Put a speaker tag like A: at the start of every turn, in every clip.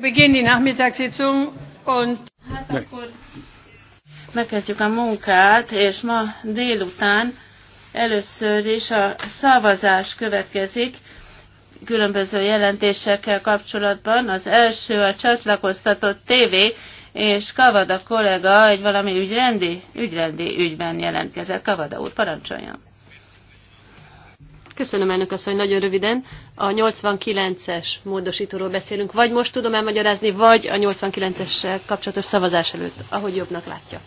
A: Beginn die Nachmittagssitzung und hát
B: megkezdjük a munkát, és ma délután először is a szavazás következik különböző jelentésekkel kapcsolatban. Az első a csatlakoztatott TV, és Kavada kollega egy
A: valami ügyrendi, ügyrendi ügyben jelentkezett. Kavada úr, parancsoljon! Köszönöm elnök azt, hogy nagyon röviden. A 89-es módosítóról beszélünk. Vagy most tudom elmagyarázni, vagy a 89-essel kapcsolatos szavazás előtt, ahogy jobbnak látja.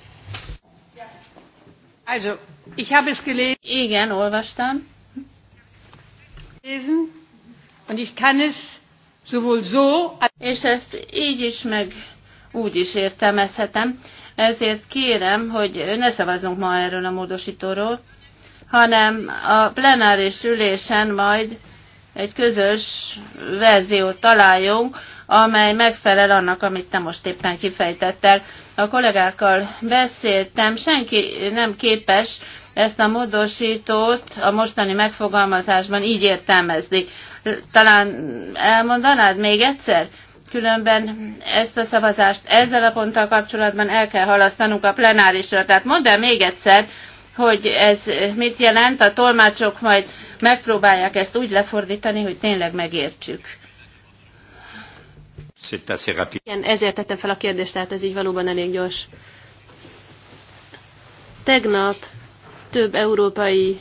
A: Also, ich habe es gelesen. Igen, olvastam. Lesen. Und ich kann es sowohl
B: so, és ezt így is, meg úgy is értelmezhetem. Ezért kérem, hogy ne szavazunk ma erről a módosítóról, hanem a plenáris ülésen majd egy közös verziót találjunk, amely megfelel annak, amit te most éppen kifejtettel. A kollégákkal beszéltem, senki nem képes ezt a módosítót a mostani megfogalmazásban így értelmezni. Talán elmondanád még egyszer? Különben ezt a szavazást ezzel a ponttal kapcsolatban el kell halasztanunk a plenárisra. Tehát mondd el még egyszer, hogy ez mit jelent, a tolmácsok majd megpróbálják ezt úgy lefordítani, hogy tényleg megértsük.
A: Igen, ezért tettem fel a kérdést, tehát ez így valóban elég gyors. Tegnap több európai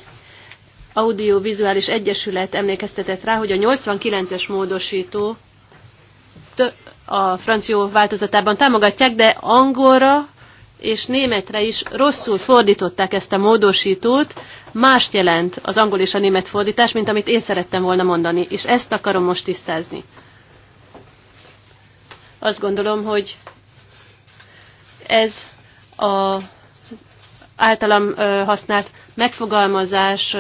A: audiovizuális egyesület emlékeztetett rá, hogy a 89-es módosító a francia változatában támogatják, de angolra és németre is rosszul fordították ezt a módosítót, mást jelent az angol és a német fordítás, mint amit én szerettem volna mondani, és ezt akarom most tisztázni. Azt gondolom, hogy ez a általam használt megfogalmazás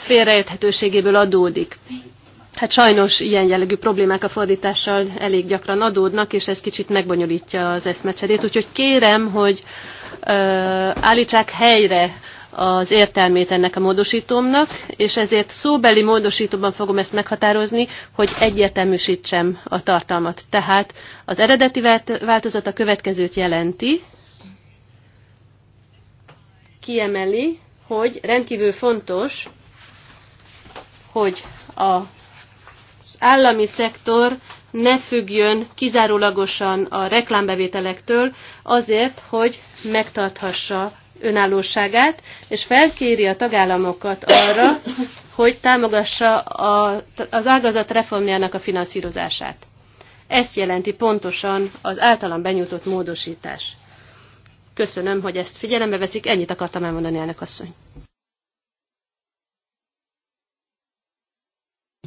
A: félreérthetőségéből adódik. Hát sajnos ilyen jellegű problémák a fordítással elég gyakran adódnak, és ez kicsit megbonyolítja az eszmecserét. Úgyhogy kérem, hogy ö, állítsák helyre az értelmét ennek a módosítómnak, és ezért szóbeli módosítóban fogom ezt meghatározni, hogy egyértelműsítsem a tartalmat. Tehát az eredeti változat a következőt jelenti, kiemeli, hogy rendkívül fontos, hogy a az állami szektor ne függjön kizárólagosan a reklámbevételektől azért, hogy megtarthassa önállóságát, és felkéri a tagállamokat arra, hogy támogassa a, az ágazat reformjának a finanszírozását. Ezt jelenti pontosan az általam benyújtott módosítás. Köszönöm, hogy ezt figyelembe veszik, ennyit akartam elmondani elnök asszony.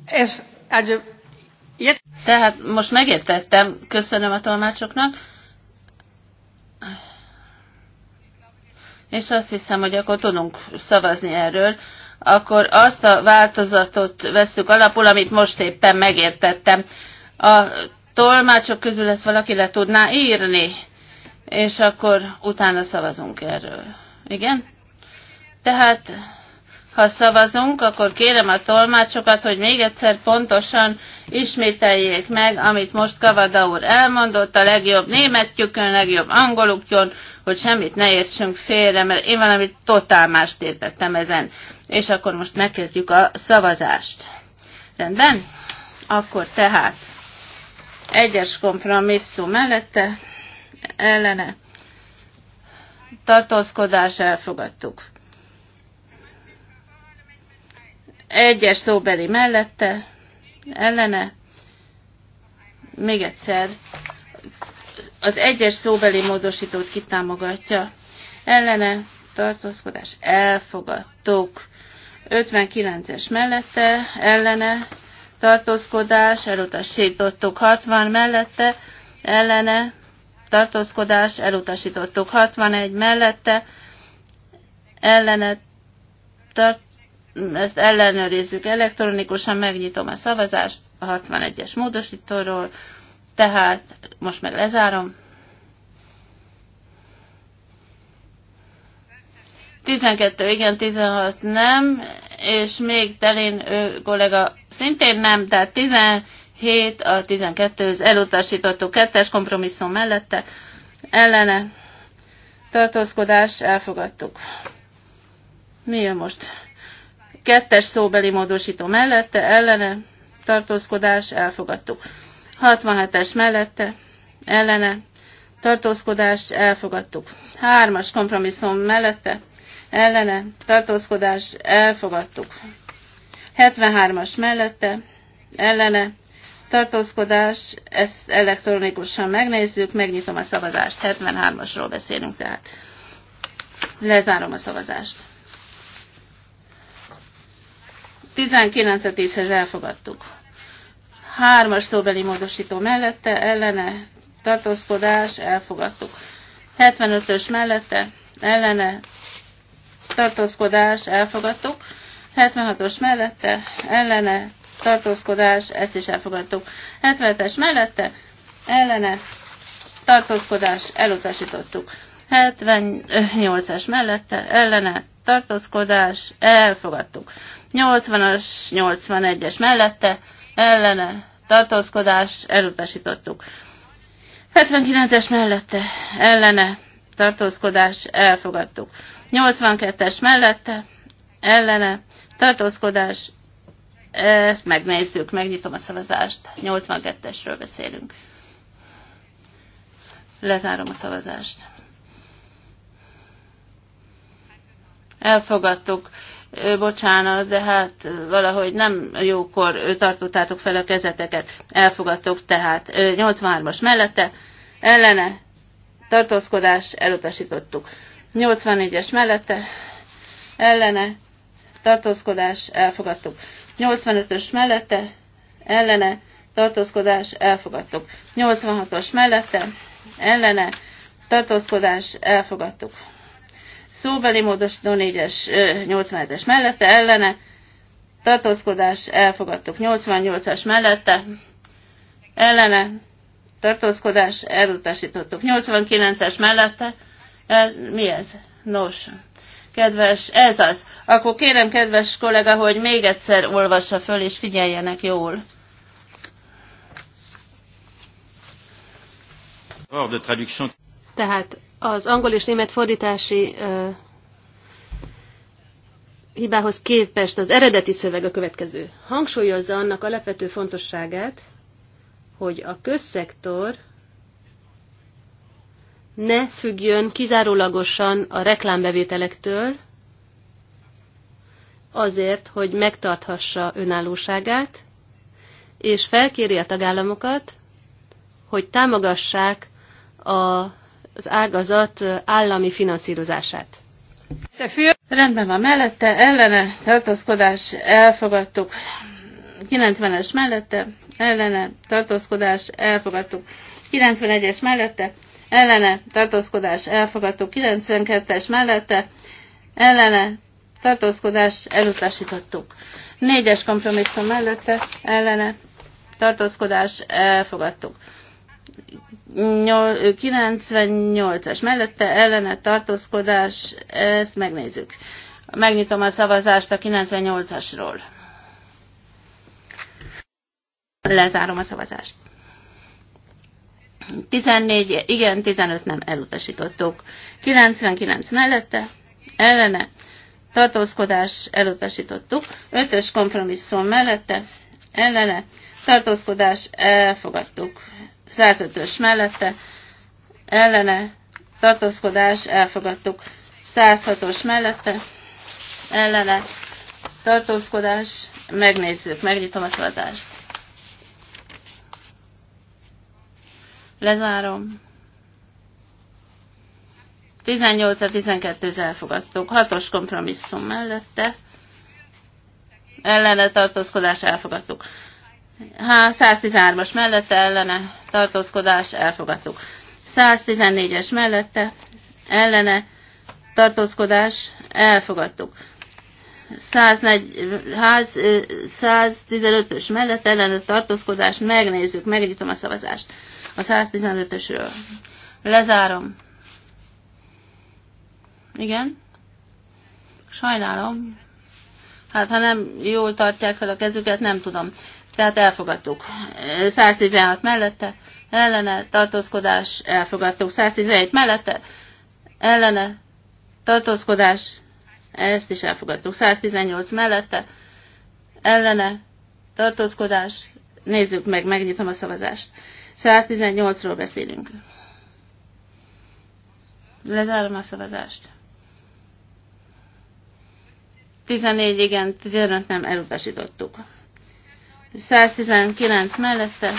A: Ez
B: tehát most megértettem, köszönöm a tolmácsoknak. És azt hiszem, hogy akkor tudunk szavazni erről. Akkor azt a változatot veszük alapul, amit most éppen megértettem. A tolmácsok közül ezt valaki le tudná írni, és akkor utána szavazunk erről. Igen? Tehát ha szavazunk, akkor kérem a tolmácsokat, hogy még egyszer pontosan ismételjék meg, amit most Kavada úr elmondott, a legjobb németjükön, legjobb angolukjon, hogy semmit ne értsünk félre, mert én valamit totál mást értettem ezen. És akkor most megkezdjük a szavazást. Rendben? Akkor tehát egyes kompromisszum mellette, ellene, tartózkodás elfogadtuk. Egyes szóbeli mellette, ellene, még egyszer, az egyes szóbeli módosítót kitámogatja, ellene, tartózkodás, elfogadtuk. 59-es mellette, ellene, tartózkodás, elutasítottuk 60 mellette, ellene, tartózkodás, elutasítottuk 61 mellette, ellene, tart, ezt ellenőrizzük elektronikusan, megnyitom a szavazást a 61-es módosítóról, tehát most meg lezárom. 12 igen, 16 nem, és még Telén ő, kollega szintén nem, tehát 17 a 12 az elutasítottó kettes kompromisszum mellette, ellene tartózkodás elfogadtuk. Mi jön most? Kettes szóbeli módosító mellette, ellene, tartózkodás, elfogadtuk. 67-es mellette, ellene, tartózkodás, elfogadtuk. Hármas kompromisszum mellette, ellene, tartózkodás, elfogadtuk. 73-as mellette, ellene, tartózkodás, ezt elektronikusan megnézzük, megnyitom a szavazást, 73-asról beszélünk tehát. Lezárom a szavazást. 19 10-hez elfogadtuk. Hármas szóbeli módosító mellette, ellene, tartózkodás, elfogadtuk. 75-ös mellette, ellene, tartózkodás, elfogadtuk. 76-os mellette, ellene, tartózkodás, ezt is elfogadtuk. 77-es mellette, ellene, tartózkodás, elutasítottuk. 78 es mellette, ellene, tartózkodás, elfogadtuk. 80-as, 81-es mellette, ellene, tartózkodás, elutasítottuk. 79-es mellette, ellene, tartózkodás, elfogadtuk. 82-es mellette, ellene, tartózkodás, ezt megnézzük, megnyitom a szavazást. 82-esről beszélünk. Lezárom a szavazást. Elfogadtuk bocsánat, de hát valahogy nem jókor tartottátok fel a kezeteket, elfogadtok tehát 83-as mellette, ellene tartózkodás elutasítottuk. 84-es mellette, ellene tartózkodás elfogadtuk. 85-ös mellette, ellene tartózkodás elfogadtuk. 86-os mellette, ellene tartózkodás elfogadtuk. Szóbeli módosító 4-es, 87-es mellette ellene. Tartózkodás elfogadtuk 88-as mellette. Ellene. Tartózkodás elutasítottuk 89-es mellette. El, mi ez? Nos, kedves, ez az. Akkor kérem, kedves kollega, hogy még egyszer olvassa föl, és figyeljenek jól.
A: Tehát az angol és német fordítási ö, hibához képest az eredeti szöveg a következő. Hangsúlyozza annak alapvető fontosságát, hogy a közszektor ne függjön kizárólagosan a reklámbevételektől, azért, hogy megtarthassa önállóságát, és felkéri a tagállamokat, hogy támogassák a az ágazat állami finanszírozását. Rendben van mellette, ellene
B: tartózkodás elfogadtuk. 90-es mellette, ellene tartózkodás elfogadtuk. 91-es mellette, ellene tartózkodás elfogadtuk. 92-es mellette, ellene tartózkodás elutasítottuk. 4-es kompromisszum mellette, ellene tartózkodás elfogadtuk. 98-as mellette ellene tartózkodás, ezt megnézzük. Megnyitom a szavazást a 98-asról. Lezárom a szavazást. 14, igen, 15 nem elutasítottuk. 99 mellette, ellene, tartózkodás elutasítottuk. 5-ös kompromisszum mellette, ellene, tartózkodás elfogadtuk. 105-ös mellette ellene tartózkodás elfogadtuk. 106-os mellette ellene tartózkodás megnézzük, megnyitom a szavazást. Lezárom. 18-12-t elfogadtuk. 6-os kompromisszum mellette. Ellene tartózkodás elfogadtuk. 113-as mellette ellene tartózkodás, elfogadtuk. 114-es mellette, ellene, tartózkodás, elfogadtuk. 115-ös mellette, ellene tartózkodás, megnézzük, megnyitom a szavazást a 115-ösről. Lezárom. Igen? Sajnálom. Hát ha nem jól tartják fel a kezüket, nem tudom. Tehát elfogadtuk. 116 mellette, ellene, tartózkodás, elfogadtuk. 117 mellette, ellene, tartózkodás, ezt is elfogadtuk. 118 mellette, ellene, tartózkodás, nézzük meg, megnyitom a szavazást. 118-ról beszélünk. Lezárom a szavazást. 14 igen, 15 nem elutasítottuk. 119 mellette,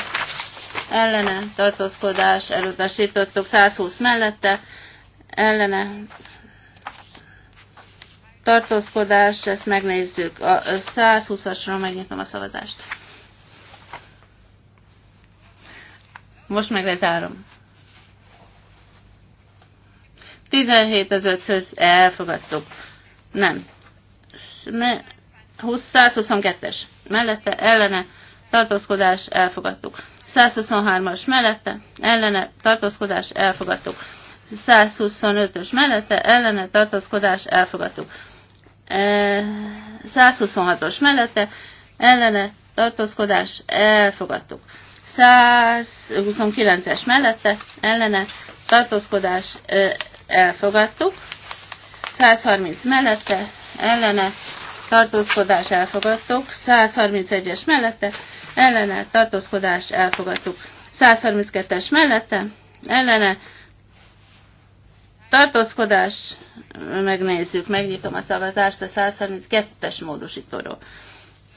B: ellene tartózkodás elutasítottuk 120 mellette, ellene tartózkodás, ezt megnézzük. A 120-asról megnyitom a szavazást. Most meg lezárom. 17 az 5-höz elfogadtuk. Nem. 122 es mellette, ellene, tartózkodás, elfogadtuk. 123-as mellette, ellene, tartózkodás, elfogadtuk. 125-ös mellette, ellene, tartózkodás, elfogadtuk. 126-os e, mellette, ellene, tartózkodás, elfogadtuk. 129-es mellette, ellene, tartózkodás, e, elfogadtuk. 130 mellette, ellene, tartózkodás elfogadtuk, 131-es mellette, ellene, tartózkodás elfogadtuk, 132-es mellette, ellene, tartózkodás, megnézzük, megnyitom a szavazást a 132-es módosítóról.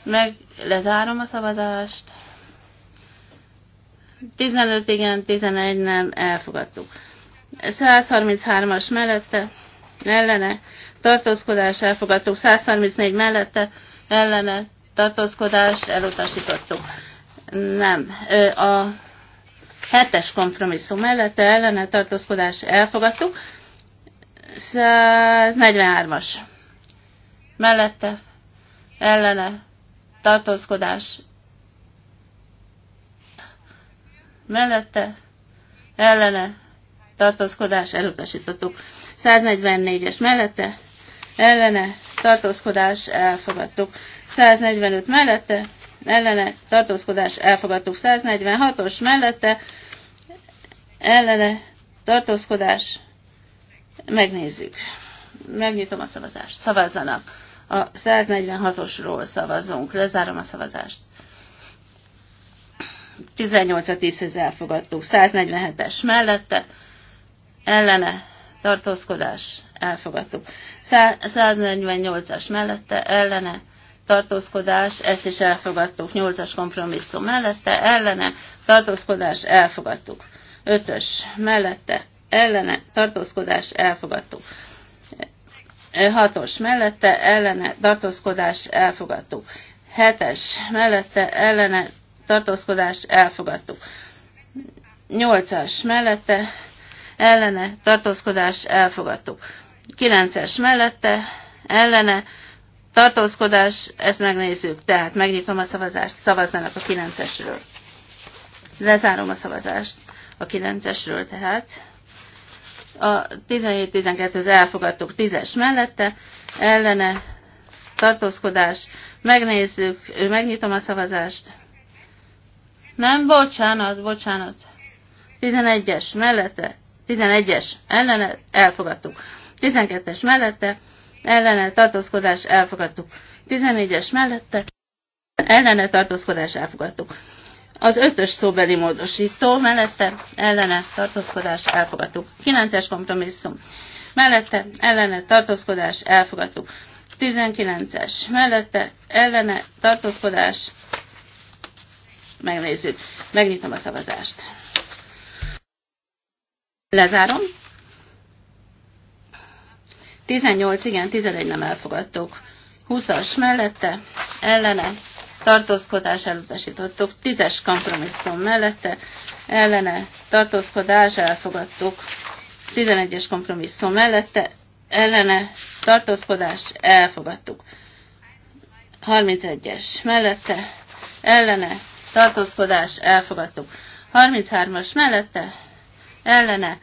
B: Meg lezárom a szavazást. 15 igen, 11 nem, elfogadtuk. 133-as mellette, ellene, tartózkodás elfogadtuk, 134 mellette ellene tartózkodás elutasítottuk. Nem. A hetes kompromisszum mellette ellene tartózkodás elfogadtuk. 143-as. Mellette ellene tartózkodás mellette ellene tartózkodás elutasítottuk. 144-es mellette ellene tartózkodás elfogadtuk. 145 mellette ellene tartózkodás elfogadtuk. 146-os mellette ellene tartózkodás megnézzük. Megnyitom a szavazást. Szavazzanak. A 146-osról szavazunk. Lezárom a szavazást. 18-10-hez elfogadtuk. 147-es mellette ellene tartózkodás elfogadtuk. 148-as mellette ellene tartózkodás, ezt is elfogadtuk. 8-as kompromisszum mellette ellene tartózkodás, elfogadtuk. 5-ös mellette ellene tartózkodás, elfogadtuk. 6-os mellette ellene tartózkodás, elfogadtuk. 7-es mellette ellene tartózkodás, elfogadtuk. 8-as mellette ellene tartózkodás, elfogadtuk. 9-es mellette, ellene, tartózkodás, ezt megnézzük. Tehát megnyitom a szavazást, szavazzanak a 9-esről. Lezárom a szavazást a 9-esről tehát. A 17 12 az elfogadtuk 10-es mellette, ellene, tartózkodás, megnézzük, megnyitom a szavazást. Nem, bocsánat, bocsánat. 11-es mellette, 11-es ellene elfogadtuk. 12-es mellette, ellene tartózkodás elfogadtuk. 14-es mellette, ellene tartózkodás elfogadtuk. Az ötös szóbeli módosító mellette ellene tartózkodás elfogadtuk. 9-es kompromisszum mellette ellene tartózkodás elfogadtuk. 19-es mellette ellene tartózkodás megnézzük. Megnyitom a szavazást. Lezárom. 18 igen, 11 nem elfogadtuk. 20-as mellette, ellene, tartózkodás elutasítottuk. 10-es kompromisszum mellette, ellene, tartózkodás elfogadtuk. 11-es kompromisszum mellette, ellene, tartózkodás elfogadtuk. 31-es mellette, ellene, tartózkodás elfogadtuk. 33-as mellette, ellene,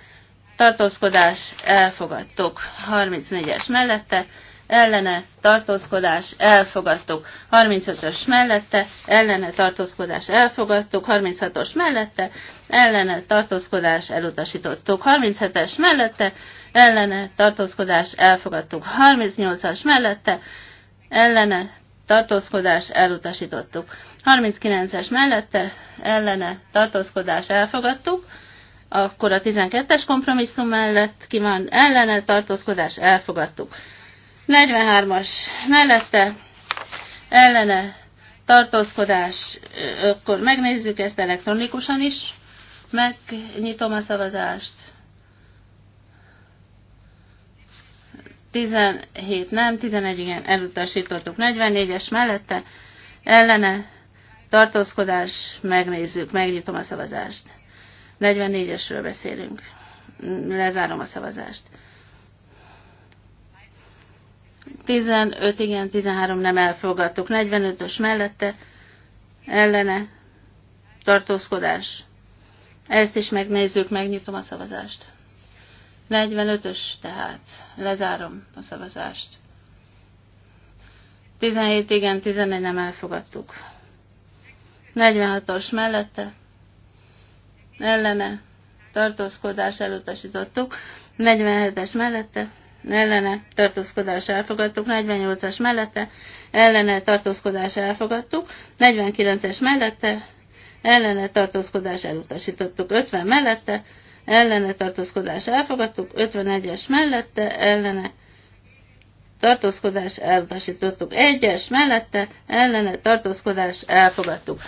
B: tartózkodás, elfogadtuk. 34-es mellette, ellene, tartózkodás, elfogadtuk. 35-ös mellette, ellene, tartózkodás, elfogadtuk. 36-os mellette, ellene, tartózkodás, elutasítottuk. 37-es mellette, ellene, tartózkodás, elfogadtuk. 38-as mellette, ellene, tartózkodás, elutasítottuk. 39-es mellette, ellene, tartózkodás, elfogadtuk akkor a 12-es kompromisszum mellett kíván ellene tartózkodás, elfogadtuk. 43-as mellette ellene tartózkodás, akkor megnézzük ezt elektronikusan is. Megnyitom a szavazást. 17 nem, 11 igen, elutasítottuk. 44-es mellette ellene tartózkodás, megnézzük, megnyitom a szavazást. 44-esről beszélünk. Lezárom a szavazást. 15 igen, 13 nem elfogadtuk. 45-ös mellette ellene tartózkodás. Ezt is megnézzük, megnyitom a szavazást. 45-ös tehát. Lezárom a szavazást. 17 igen, 14 nem elfogadtuk. 46-os mellette ellene tartózkodás elutasítottuk, 47-es mellette ellene tartózkodás elfogadtuk, 48-as mellette ellene tartózkodás elfogadtuk, 49-es mellette ellene tartózkodás elutasítottuk, 50 mellette ellene tartózkodás elfogadtuk, 51-es mellette ellene tartózkodás elutasítottuk, 1-es mellette ellene tartózkodás elfogadtuk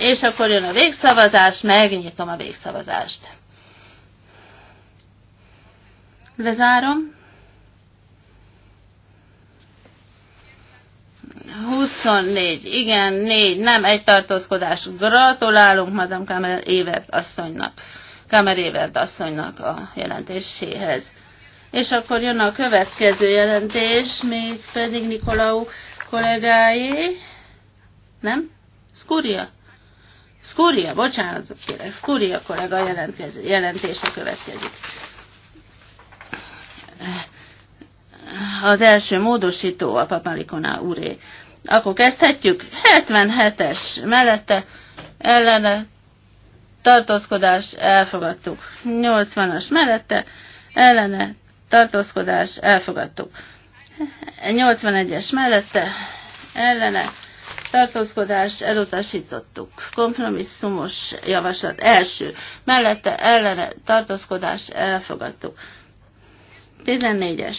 B: és akkor jön a végszavazás, megnyitom a végszavazást. Lezárom. 24, igen, 4, nem egy tartózkodás. Gratulálunk Madame Kamer Évert asszonynak, Kamer Évert asszonynak a jelentéséhez. És akkor jön a következő jelentés, még pedig Nikolau kollégáé, nem? Skúria? Skúria, bocsánat, kérek, Skúria kollega jelentése következik. Az első módosító a papalikonál úré. Akkor kezdhetjük. 77-es mellette ellene tartózkodás elfogadtuk. 80-as mellette ellene tartózkodás elfogadtuk. 81-es mellette ellene tartózkodás elutasítottuk. Kompromisszumos javaslat első. Mellette ellene tartózkodás elfogadtuk. 14-es.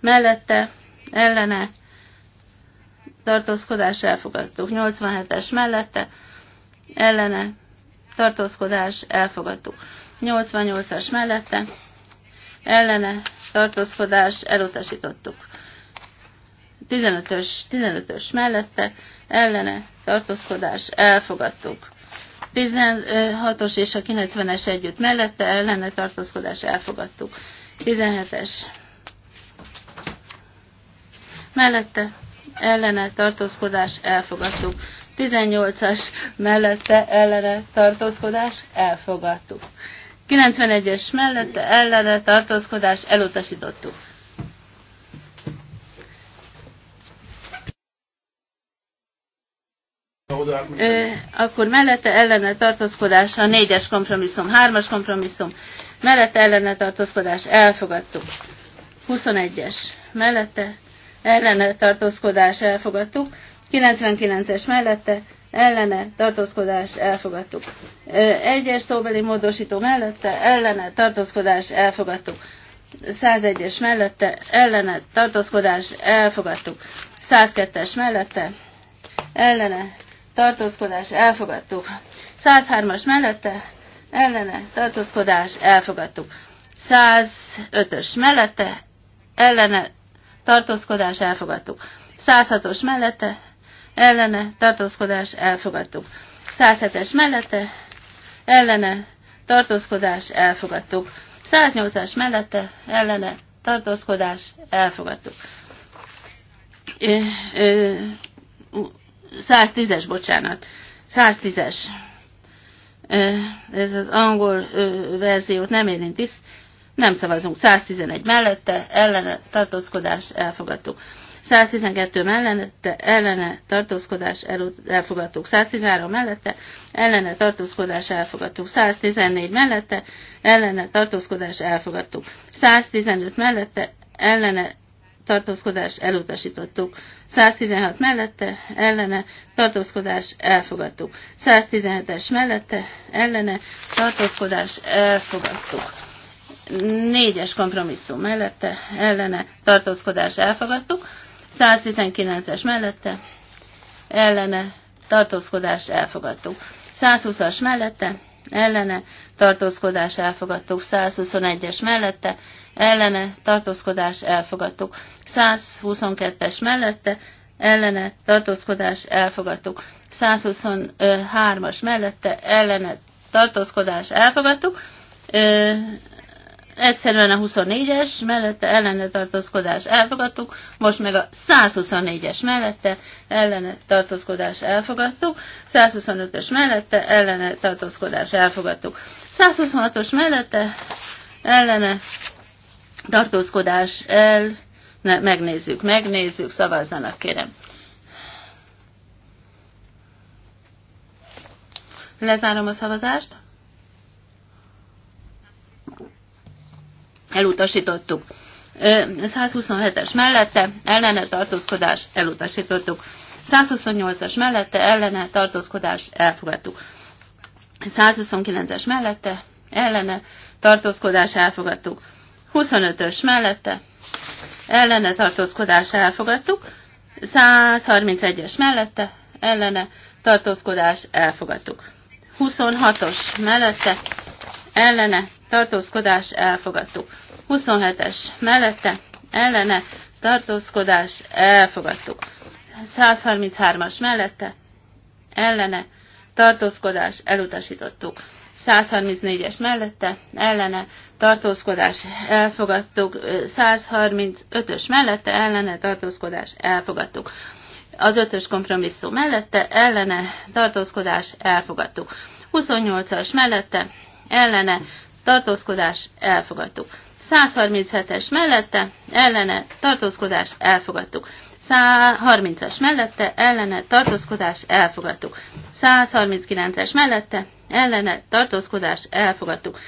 B: Mellette ellene tartózkodás elfogadtuk. 87-es mellette ellene tartózkodás elfogadtuk. 88-as mellette ellene tartózkodás elutasítottuk. 15-ös, 15-ös mellette, ellene, tartózkodás, elfogadtuk. 16-os és a 90-es együtt mellette, ellene, tartózkodás, elfogadtuk. 17-es mellette, ellene, tartózkodás, elfogadtuk. 18-as mellette, ellene, tartózkodás, elfogadtuk. 91-es mellette, ellene, tartózkodás, elutasítottuk. akkor mellette ellene tartózkodás a négyes kompromisszum, hármas kompromisszum, mellette ellene tartózkodás elfogadtuk. 21-es mellette ellene tartózkodás elfogadtuk. 99-es mellette ellene tartózkodás elfogadtuk. Egyes szóbeli módosító mellette ellene tartózkodás elfogadtuk. 101-es mellette ellene tartózkodás elfogadtuk. 102-es mellette ellene tartózkodás elfogadtuk. 103-as mellette ellene tartózkodás elfogadtuk. 105-ös mellette ellene tartózkodás elfogadtuk. 106-os mellette ellene tartózkodás elfogadtuk. 107-es mellette ellene tartózkodás elfogadtuk. 108-as mellette ellene tartózkodás elfogadtuk. Ö, ö, 110-es, bocsánat. 110-es. Ez az angol verziót nem érinti. Nem szavazunk. 111 mellette, ellene tartózkodás elfogadtuk. 112 mellette, ellene tartózkodás elfogadtuk. 113 mellette, ellene tartózkodás elfogadtuk. 114 mellette, ellene tartózkodás elfogadtuk. 115 mellette, ellene tartózkodás elutasítottuk. 116 mellette, ellene, tartózkodás elfogadtuk. 117-es mellette, ellene, tartózkodás elfogadtuk. 4-es kompromisszum mellette, ellene, tartózkodás elfogadtuk. 119-es mellette, ellene, tartózkodás elfogadtuk. 120-as mellette, ellene tartózkodás elfogadtuk, 121-es mellette ellene tartózkodás elfogadtuk, 122-es mellette ellene tartózkodás elfogadtuk, 123-as mellette ellene tartózkodás elfogadtuk, egyszerűen a 24-es, mellette ellene tartózkodás elfogadtuk, most meg a 124-es mellette ellene tartózkodás elfogadtuk, 125-ös mellette ellene tartózkodás elfogadtuk, 126-os mellette ellene tartózkodás el, ne, megnézzük, megnézzük, szavazzanak kérem. Lezárom a szavazást. elutasítottuk. 127-es mellette ellene tartózkodás elutasítottuk. 128-as mellette ellene tartózkodás elfogadtuk. 129-es mellette ellene tartózkodás elfogadtuk. 25-ös mellette ellene tartózkodás elfogadtuk. 131-es mellette ellene tartózkodás elfogadtuk. 26-os mellette ellene tartózkodás elfogadtuk. 27-es mellette ellene tartózkodás elfogadtuk. 133-as mellette ellene tartózkodás elutasítottuk. 134-es mellette ellene tartózkodás elfogadtuk. 135-ös mellette ellene tartózkodás elfogadtuk. Az ötös kompromisszum mellette ellene tartózkodás elfogadtuk. 28-as mellette ellene tartózkodás, elfogadtuk. 137-es mellette, ellene, tartózkodás, elfogadtuk. 130-as mellette, ellene, tartózkodás, elfogadtuk. 139-es mellette, ellene, tartózkodás, elfogadtuk.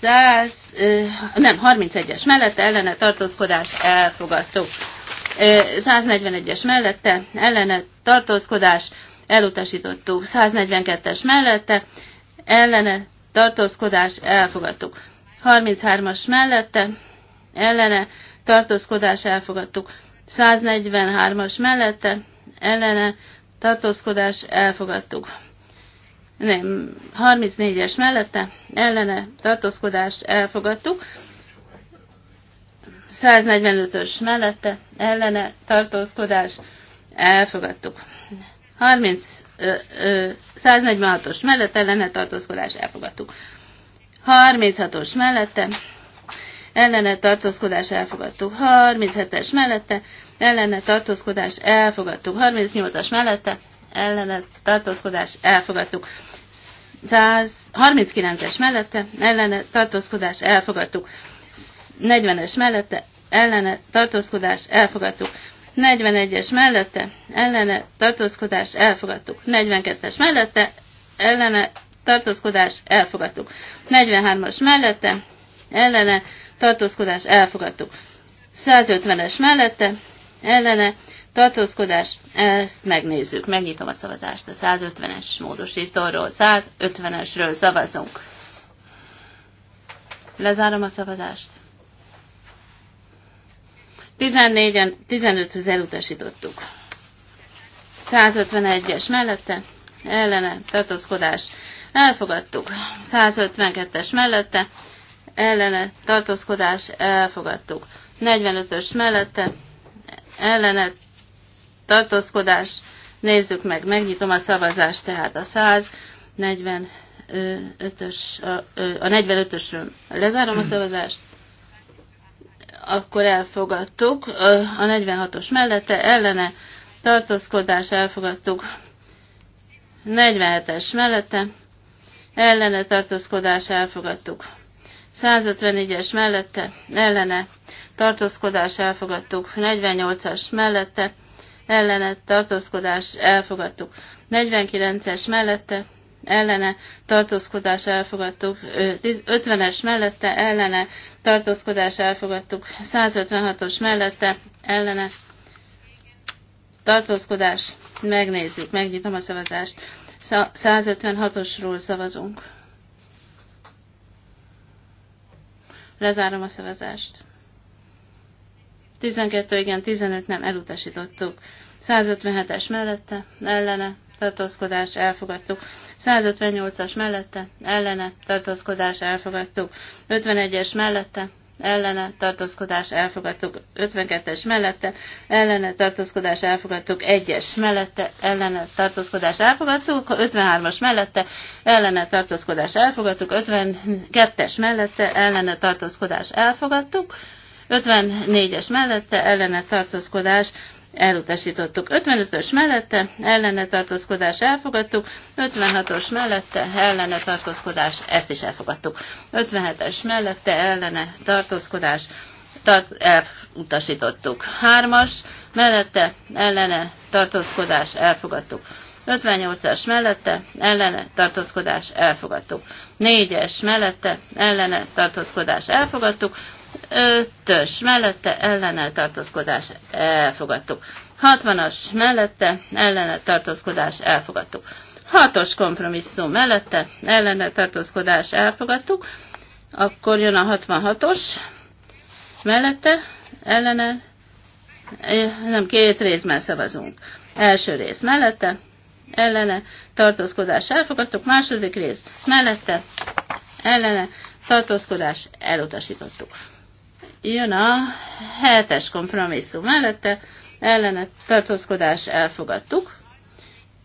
B: 100, nem, 31-es mellette, ellene, tartózkodás, elfogadtuk. 141-es mellette, ellene, tartózkodás, elutasítottuk. 142-es mellette, ellene, tartózkodás elfogadtuk. 33-as mellette, ellene, tartózkodás elfogadtuk. 143-as mellette, ellene, tartózkodás elfogadtuk. Nem, 34-es mellette, ellene, tartózkodás elfogadtuk. 145-ös mellette, ellene, tartózkodás elfogadtuk. 146-os mellett ellene tartózkodás elfogadtuk. 36-os mellette ellene tartózkodás elfogadtuk. 37-es mellette ellene tartózkodás elfogadtuk. 38-as mellette ellene tartózkodás elfogadtuk. 139-es mellette ellene tartózkodás elfogadtuk. 40-es mellette ellene tartózkodás elfogadtuk. 41-es mellette ellene tartózkodás elfogadtuk. 42-es mellette ellene tartózkodás elfogadtuk. 43-as mellette ellene tartózkodás elfogadtuk. 150-es mellette ellene tartózkodás, ezt megnézzük. Megnyitom a szavazást a 150-es módosítóról. 150-esről szavazunk. Lezárom a szavazást. 14-en, 15-höz elutasítottuk. 151-es mellette, ellene, tartózkodás, elfogadtuk. 152-es mellette, ellene, tartózkodás, elfogadtuk. 45-ös mellette, ellene, tartózkodás, nézzük meg, megnyitom a szavazást, tehát a 145-ös, a, a 45-ösről lezárom a szavazást, akkor elfogadtuk. A 46-os mellette ellene tartózkodás elfogadtuk. 47-es mellette ellene tartózkodás elfogadtuk. 154-es mellette ellene tartózkodás elfogadtuk. 48-as mellette ellene tartózkodás elfogadtuk. 49-es mellette ellene tartózkodás elfogadtuk, 50-es mellette ellene tartózkodás elfogadtuk. 156-os mellette ellene tartózkodás. Megnézzük, megnyitom a szavazást. 156-osról szavazunk. Lezárom a szavazást. 12 igen, 15 nem elutasítottuk. 157-es mellette, ellene, tartózkodás elfogadtuk. 158-as mellette, ellene, tartózkodás elfogadtuk. 51-es mellette, ellene tartózkodás elfogadtuk 52-es mellette, ellene tartózkodás elfogadtuk 1-es mellette, ellene tartózkodás elfogadtuk 53-as mellette, ellene tartózkodás elfogadtuk 52-es mellette, ellene tartózkodás elfogadtuk 54-es mellette, ellene tartózkodás elutasítottuk. 55-ös mellette ellene tartózkodás elfogadtuk, 56-os mellette ellene tartózkodás, ezt is elfogadtuk. 57-es mellette ellene tartózkodás, tart, elutasítottuk. 3-as mellette ellene tartózkodás, elfogadtuk. 58-as mellette ellene tartózkodás elfogadtuk. 4-es mellette ellene tartózkodás elfogadtuk. 5-ös mellette ellene tartózkodás elfogadtuk. 60-as mellette ellene tartózkodás elfogadtuk. 6-os kompromisszum mellette ellene tartózkodás elfogadtuk. Akkor jön a 66-os mellette ellene eh, nem, két részben szavazunk. Első rész mellette, ellene, tartózkodás elfogadtuk, második rész mellette, ellene, tartózkodás elutasítottuk jön a hetes kompromisszum mellette, ellene tartózkodás elfogadtuk,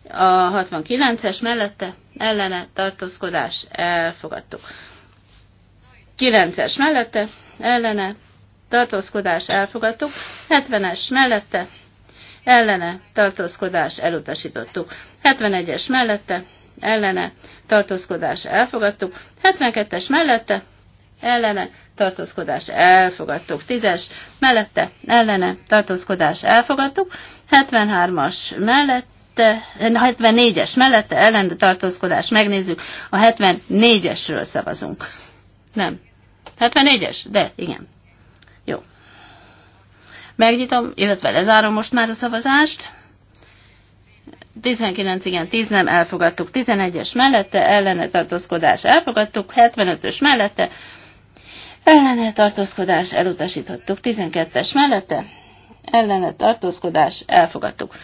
B: a 69-es mellette ellene tartózkodás elfogadtuk. 9-es mellette ellene tartózkodás elfogadtuk, 70-es mellette ellene tartózkodás elutasítottuk, 71-es mellette ellene tartózkodás elfogadtuk, 72-es mellette ellene, tartózkodás elfogadtuk. Tízes mellette, ellene, tartózkodás elfogadtuk. 73-as mellette, 74-es eh, mellette, ellene, tartózkodás megnézzük. A 74-esről szavazunk. Nem. 74-es? De, igen. Jó. Megnyitom, illetve lezárom most már a szavazást. 19 igen, 10 nem elfogadtuk, 11-es mellette, ellene tartózkodás elfogadtuk, 75-ös mellette, ellene tartózkodás elutasítottuk. 12-es mellette ellene tartózkodás elfogadtuk.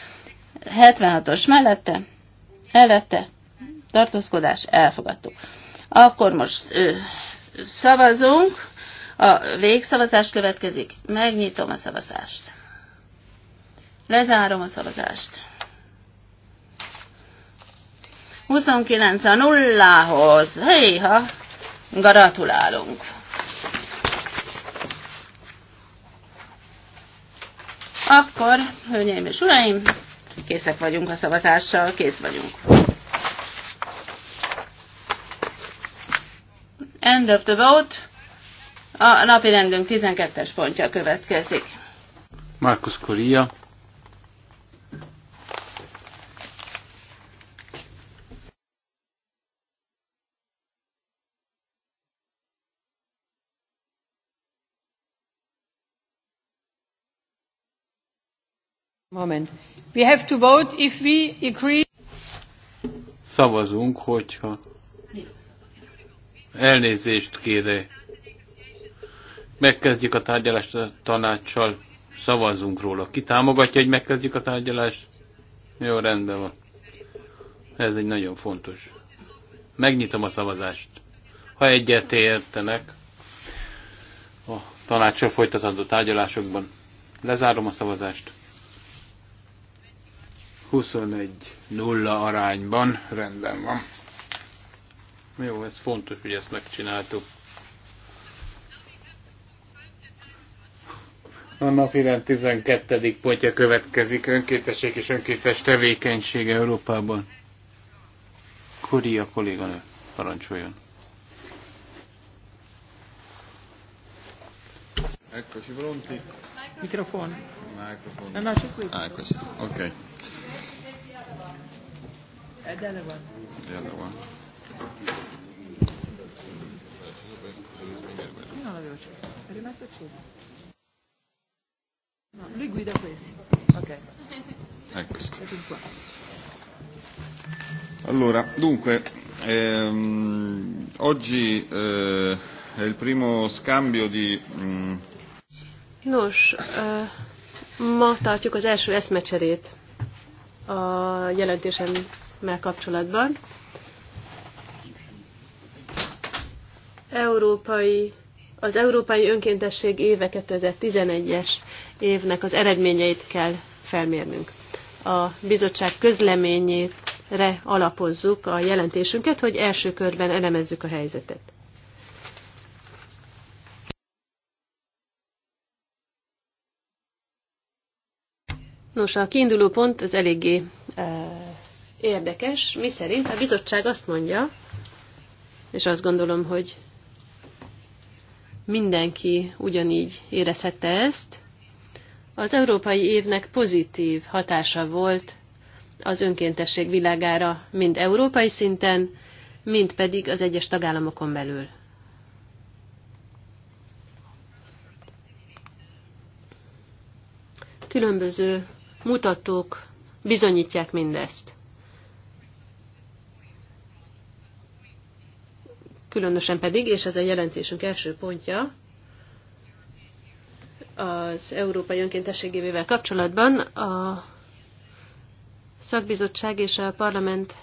B: 76-os mellette ellette tartózkodás elfogadtuk. Akkor most ö, szavazunk, a végszavazás következik, megnyitom a szavazást. Lezárom a szavazást. 29 a nullához. Héha! Gratulálunk! Akkor, hölgyeim és uraim, készek vagyunk a szavazással, kész vagyunk. End of the vote. A napi rendünk 12-es pontja következik.
C: Markus Koria,
A: We have to vote if we agree.
C: Szavazunk, hogyha elnézést kére. Megkezdjük a tárgyalást a tanácssal, szavazunk róla. Ki támogatja, hogy megkezdjük a tárgyalást? Jó, rendben van. Ez egy nagyon fontos. Megnyitom a szavazást. Ha egyet értenek a tanácssal folytatandó tárgyalásokban, lezárom a szavazást. 21-0 arányban rendben van. Jó, ez fontos, hogy ezt megcsináltuk. A napirend 12. pontja következik, önkéntesség és önkétes tevékenység Európában. Koria kolléganő, parancsoljon. Mikrofon. Mikrofon. Mikrofon. Mikrofon. Mikrofon. Mikrofon. Mikrofon. Mikrofon. Ah, Mikrofon. Ok. No, lui guida questo. Ok. Allora, dunque, ehm, oggi eh, è il primo scambio di... Mm...
A: Nos, eh, ma tartjuk az első eszmecserét a jelentésen mert kapcsolatban. Európai, az Európai Önkéntesség éve 2011-es évnek az eredményeit kell felmérnünk. A bizottság közleményére alapozzuk a jelentésünket, hogy első körben elemezzük a helyzetet. Nos, a kiinduló pont az eléggé eh, érdekes, mi szerint a bizottság azt mondja, és azt gondolom, hogy mindenki ugyanígy érezhette ezt, az európai évnek pozitív hatása volt az önkéntesség világára, mind európai szinten, mind pedig az egyes tagállamokon belül. Különböző mutatók bizonyítják mindezt. különösen pedig, és ez a jelentésünk első pontja, az Európai Önkéntességével kapcsolatban a szakbizottság és a parlament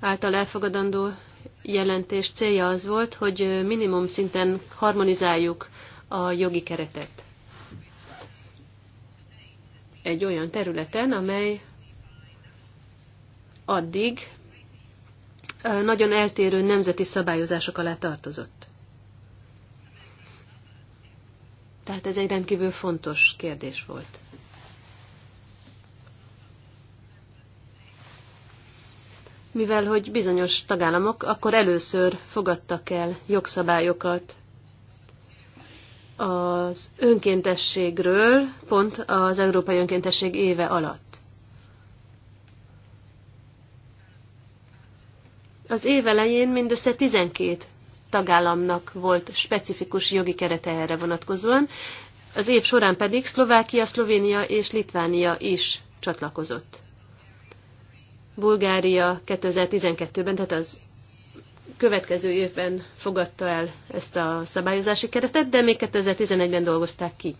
A: által elfogadandó jelentés célja az volt, hogy minimum szinten harmonizáljuk a jogi keretet egy olyan területen, amely addig nagyon eltérő nemzeti szabályozások alá tartozott. Tehát ez egy rendkívül fontos kérdés volt. Mivel, hogy bizonyos tagállamok akkor először fogadtak el jogszabályokat az önkéntességről, pont az Európai Önkéntesség éve alatt. Az év elején mindössze 12 tagállamnak volt specifikus jogi kerete erre vonatkozóan, az év során pedig Szlovákia, Szlovénia és Litvánia is csatlakozott. Bulgária 2012-ben, tehát az következő évben fogadta el ezt a szabályozási keretet, de még 2011-ben dolgozták ki.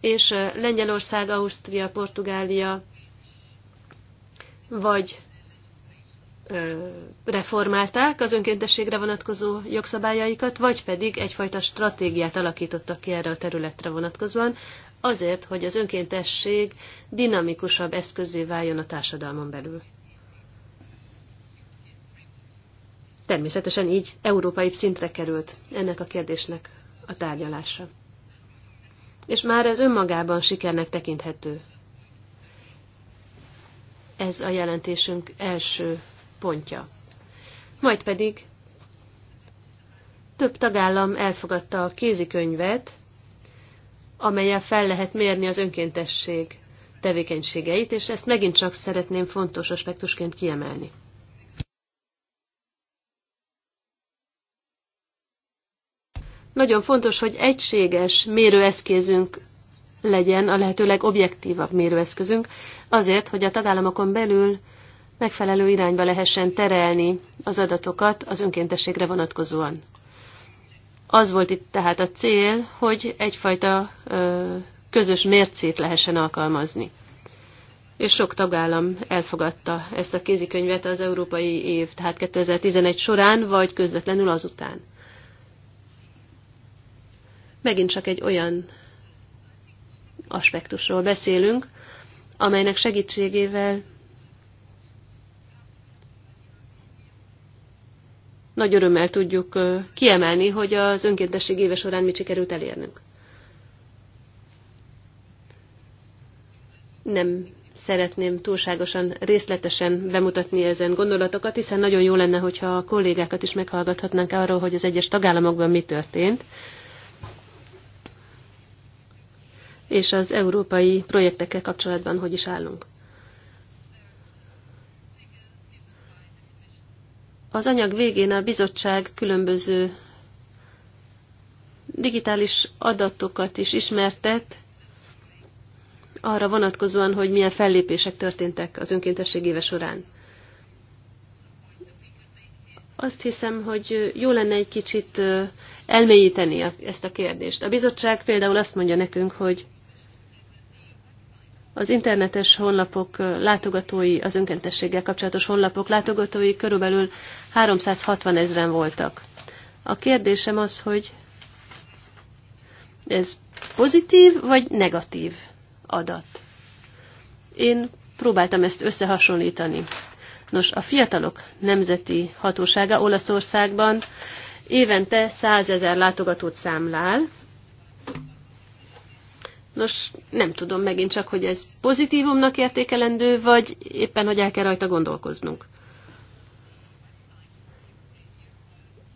A: És eh, Lengyelország, Ausztria, Portugália vagy reformálták az önkéntességre vonatkozó jogszabályaikat, vagy pedig egyfajta stratégiát alakítottak ki erre a területre vonatkozóan, azért, hogy az önkéntesség dinamikusabb eszközé váljon a társadalmon belül. Természetesen így európai szintre került ennek a kérdésnek a tárgyalása. És már ez önmagában sikernek tekinthető. Ez a jelentésünk első pontja. Majd pedig több tagállam elfogadta a kézikönyvet, amelyel fel lehet mérni az önkéntesség tevékenységeit, és ezt megint csak szeretném fontos aspektusként kiemelni. Nagyon fontos, hogy egységes mérőeszközünk legyen a lehető legobjektívabb mérőeszközünk, azért, hogy a tagállamokon belül megfelelő irányba lehessen terelni az adatokat az önkéntességre vonatkozóan. Az volt itt tehát a cél, hogy egyfajta közös mércét lehessen alkalmazni. És sok tagállam elfogadta ezt a kézikönyvet az európai év, tehát 2011 során, vagy közvetlenül azután. Megint csak egy olyan aspektusról beszélünk, amelynek segítségével nagy örömmel tudjuk kiemelni, hogy az önkéntesség éve során mi sikerült elérnünk. Nem szeretném túlságosan részletesen bemutatni ezen gondolatokat, hiszen nagyon jó lenne, hogyha a kollégákat is meghallgathatnánk arról, hogy az egyes tagállamokban mi történt, és az európai projektekkel kapcsolatban hogy is állunk. Az anyag végén a bizottság különböző digitális adatokat is ismertet, arra vonatkozóan, hogy milyen fellépések történtek az önkéntesség éve során. Azt hiszem, hogy jó lenne egy kicsit elmélyíteni ezt a kérdést. A bizottság például azt mondja nekünk, hogy az internetes honlapok látogatói, az önkéntességgel kapcsolatos honlapok látogatói körülbelül 360 ezeren voltak. A kérdésem az, hogy ez pozitív vagy negatív adat? Én próbáltam ezt összehasonlítani. Nos, a fiatalok nemzeti hatósága Olaszországban évente 100 ezer látogatót számlál, Nos, nem tudom megint csak, hogy ez pozitívumnak értékelendő, vagy éppen, hogy el kell rajta gondolkoznunk.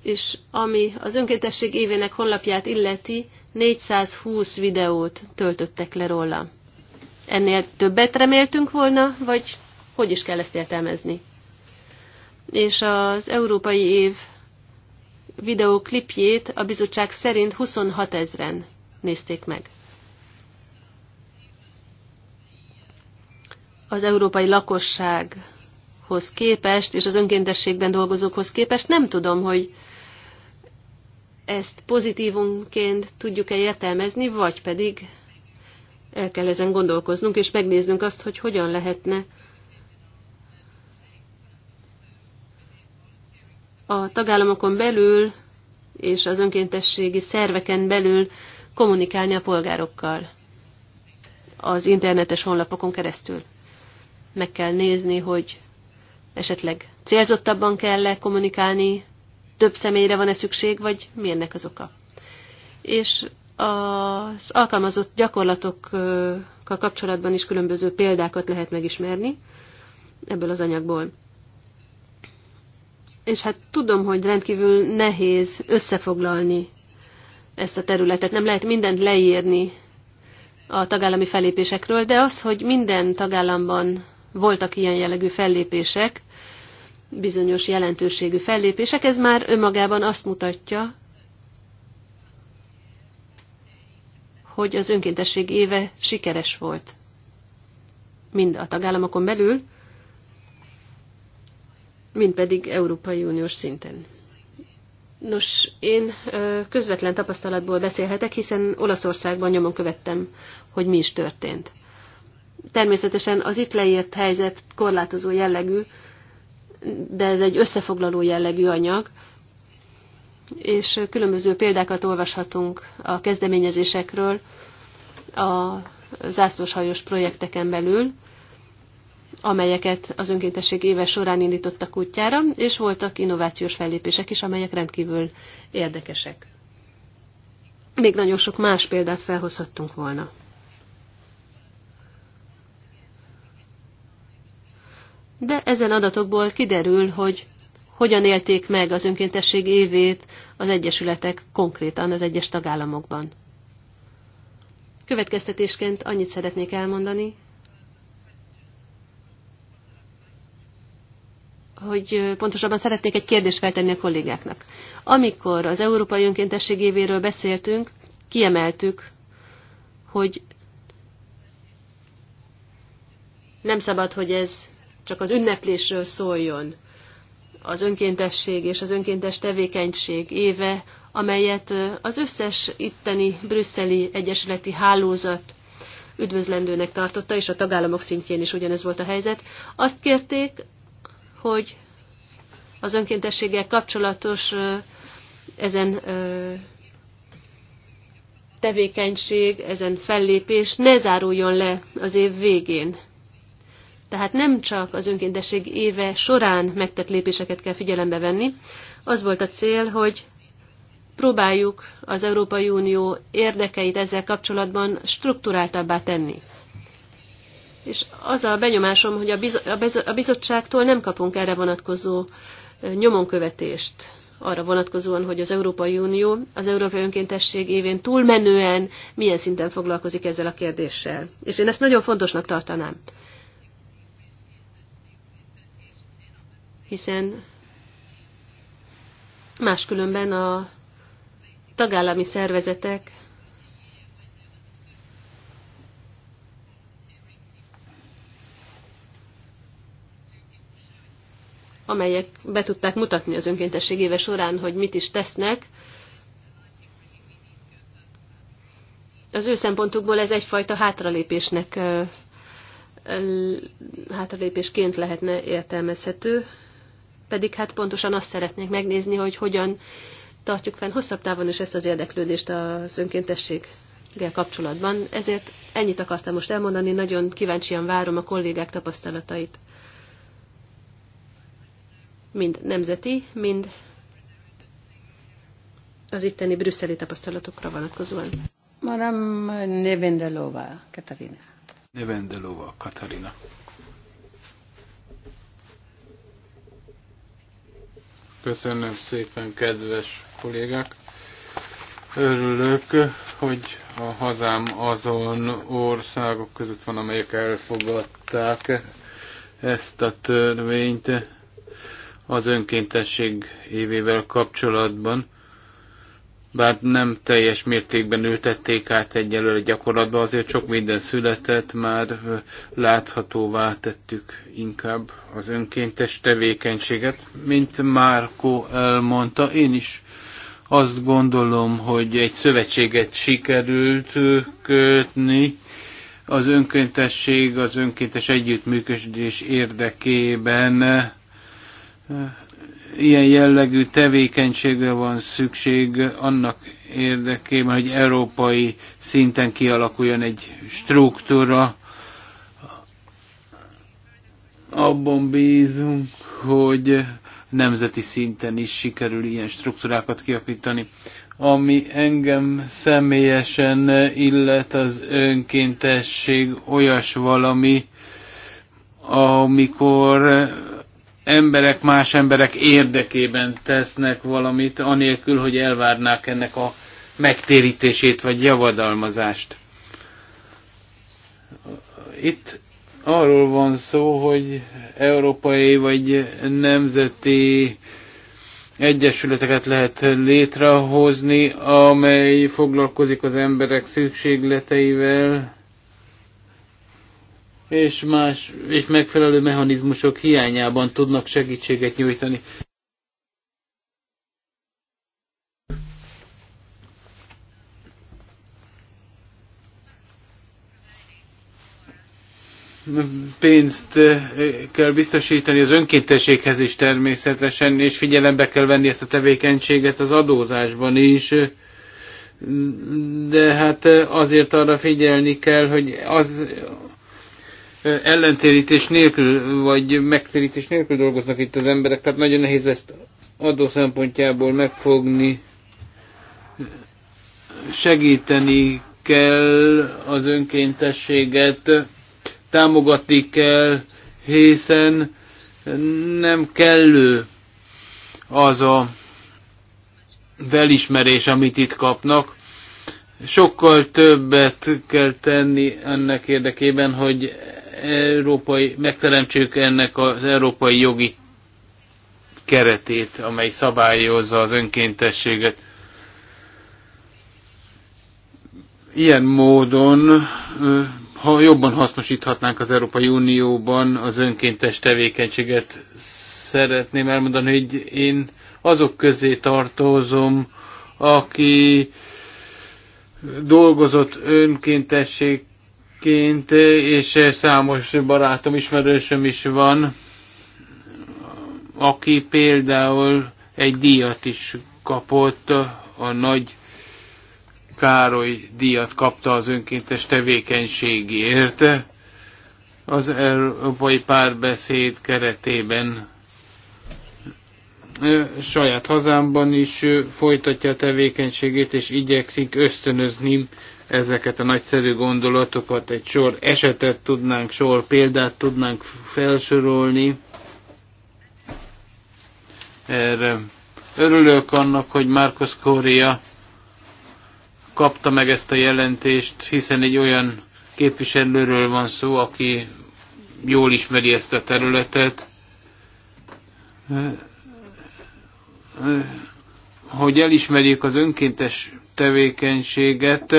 A: És ami az önkéntesség évének honlapját illeti, 420 videót töltöttek le róla. Ennél többet reméltünk volna, vagy hogy is kell ezt értelmezni? És az Európai Év videóklipjét a bizottság szerint 26 ezren nézték meg. az európai lakossághoz képest, és az önkéntességben dolgozókhoz képest. Nem tudom, hogy ezt pozitívunként tudjuk-e értelmezni, vagy pedig el kell ezen gondolkoznunk, és megnéznünk azt, hogy hogyan lehetne a tagállamokon belül és az önkéntességi szerveken belül kommunikálni a polgárokkal az internetes honlapokon keresztül meg kell nézni, hogy esetleg célzottabban kell-e kommunikálni, több személyre van-e szükség, vagy mi ennek az oka. És az alkalmazott gyakorlatokkal kapcsolatban is különböző példákat lehet megismerni ebből az anyagból. És hát tudom, hogy rendkívül nehéz összefoglalni ezt a területet. Nem lehet mindent leírni a tagállami felépésekről, de az, hogy minden tagállamban voltak ilyen jellegű fellépések, bizonyos jelentőségű fellépések, ez már önmagában azt mutatja, hogy az önkéntesség éve sikeres volt. Mind a tagállamokon belül, mind pedig Európai Uniós szinten. Nos, én közvetlen tapasztalatból beszélhetek, hiszen Olaszországban nyomon követtem, hogy mi is történt. Természetesen az itt leírt helyzet korlátozó jellegű, de ez egy összefoglaló jellegű anyag, és különböző példákat olvashatunk a kezdeményezésekről a zászlóshajós projekteken belül, amelyeket az önkéntesség éve során indítottak útjára, és voltak innovációs fellépések is, amelyek rendkívül érdekesek. Még nagyon sok más példát felhozhattunk volna. de ezen adatokból kiderül, hogy hogyan élték meg az önkéntesség évét az egyesületek konkrétan az egyes tagállamokban. Következtetésként annyit szeretnék elmondani, hogy pontosabban szeretnék egy kérdést feltenni a kollégáknak. Amikor az Európai Önkéntesség évéről beszéltünk, kiemeltük, hogy nem szabad, hogy ez csak az ünneplésről szóljon. Az önkéntesség és az önkéntes tevékenység éve, amelyet az összes itteni brüsszeli egyesületi hálózat üdvözlendőnek tartotta, és a tagállamok szintjén is ugyanez volt a helyzet. Azt kérték, hogy az önkéntességgel kapcsolatos ezen tevékenység, ezen fellépés ne záruljon le az év végén. Tehát nem csak az önkéntesség éve során megtett lépéseket kell figyelembe venni. Az volt a cél, hogy próbáljuk az Európai Unió érdekeit ezzel kapcsolatban struktúráltabbá tenni. És az a benyomásom, hogy a, biz a bizottságtól nem kapunk erre vonatkozó nyomonkövetést, arra vonatkozóan, hogy az Európai Unió az Európai Önkéntesség évén túlmenően milyen szinten foglalkozik ezzel a kérdéssel. És én ezt nagyon fontosnak tartanám. hiszen máskülönben a tagállami szervezetek amelyek be tudták mutatni az önkéntesség éve során, hogy mit is tesznek. Az ő szempontukból ez egyfajta hátralépésnek hátralépésként lehetne értelmezhető, pedig hát pontosan azt szeretnék megnézni, hogy hogyan tartjuk fenn hosszabb távon is ezt az érdeklődést az önkéntességgel kapcsolatban. Ezért ennyit akartam most elmondani, nagyon kíváncsian várom a kollégák tapasztalatait. Mind nemzeti, mind az itteni brüsszeli tapasztalatokra vonatkozóan.
C: Madame
A: Nevendelova, Katarina.
C: Nevendelova, Katarina. Köszönöm szépen, kedves kollégák! Örülök, hogy a hazám azon országok között van, amelyek elfogadták ezt a törvényt az önkéntesség évével kapcsolatban bár nem teljes mértékben ültették át egyelőre gyakorlatban, azért sok minden született, már láthatóvá tettük inkább az önkéntes tevékenységet. Mint Márko elmondta, én is azt gondolom, hogy egy szövetséget sikerült kötni, az önkéntesség, az önkéntes együttműködés érdekében ilyen jellegű tevékenységre van szükség annak érdekében, hogy európai szinten kialakuljon egy struktúra. Abban bízunk, hogy nemzeti szinten is sikerül ilyen struktúrákat kiapítani. Ami engem személyesen illet, az önkéntesség olyas valami, amikor emberek más emberek érdekében tesznek valamit, anélkül, hogy elvárnák ennek a megtérítését vagy javadalmazást. Itt arról van szó, hogy európai vagy nemzeti egyesületeket lehet létrehozni, amely foglalkozik az emberek szükségleteivel, és más és megfelelő mechanizmusok hiányában tudnak segítséget nyújtani. pénzt eh, kell biztosítani az önkéntességhez is természetesen, és figyelembe kell venni ezt a tevékenységet az adózásban is. De hát eh, azért arra figyelni kell, hogy az ellentérítés nélkül, vagy megtérítés nélkül dolgoznak itt az emberek, tehát nagyon nehéz ezt adó szempontjából megfogni, segíteni kell az önkéntességet, támogatni kell, hiszen nem kellő az a felismerés, amit itt kapnak. Sokkal többet kell tenni ennek érdekében, hogy európai, megteremtsük ennek az európai jogi keretét, amely szabályozza az önkéntességet. Ilyen módon ha jobban hasznosíthatnánk az Európai Unióban az önkéntes tevékenységet, szeretném elmondani, hogy én azok közé tartozom, aki dolgozott önkéntesség ként, és számos barátom, ismerősöm is van, aki például egy díjat is kapott, a nagy Károly díjat kapta az önkéntes tevékenységért az európai párbeszéd keretében. Saját hazámban is folytatja a tevékenységét, és igyekszik ösztönözni ezeket a nagyszerű gondolatokat, egy sor esetet tudnánk, sor példát tudnánk felsorolni. Erre örülök annak, hogy Márkusz Kória kapta meg ezt a jelentést, hiszen egy olyan képviselőről van szó, aki jól ismeri ezt a területet. Hogy elismerjük az önkéntes tevékenységet.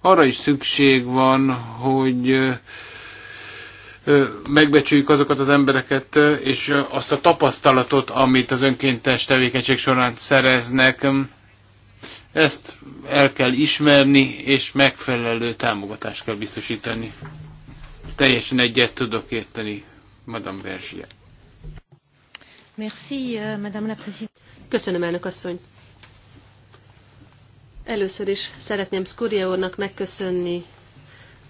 C: Arra is szükség van, hogy megbecsüljük azokat az embereket, és azt a tapasztalatot, amit az önkéntes tevékenység során szereznek, ezt el kell ismerni, és megfelelő támogatást kell biztosítani. Teljesen egyet tudok érteni, Madame Verzsia.
A: Merci, euh, Madame la Présidente. Köszönöm, elnök asszony. Először is szeretném Skuria úrnak megköszönni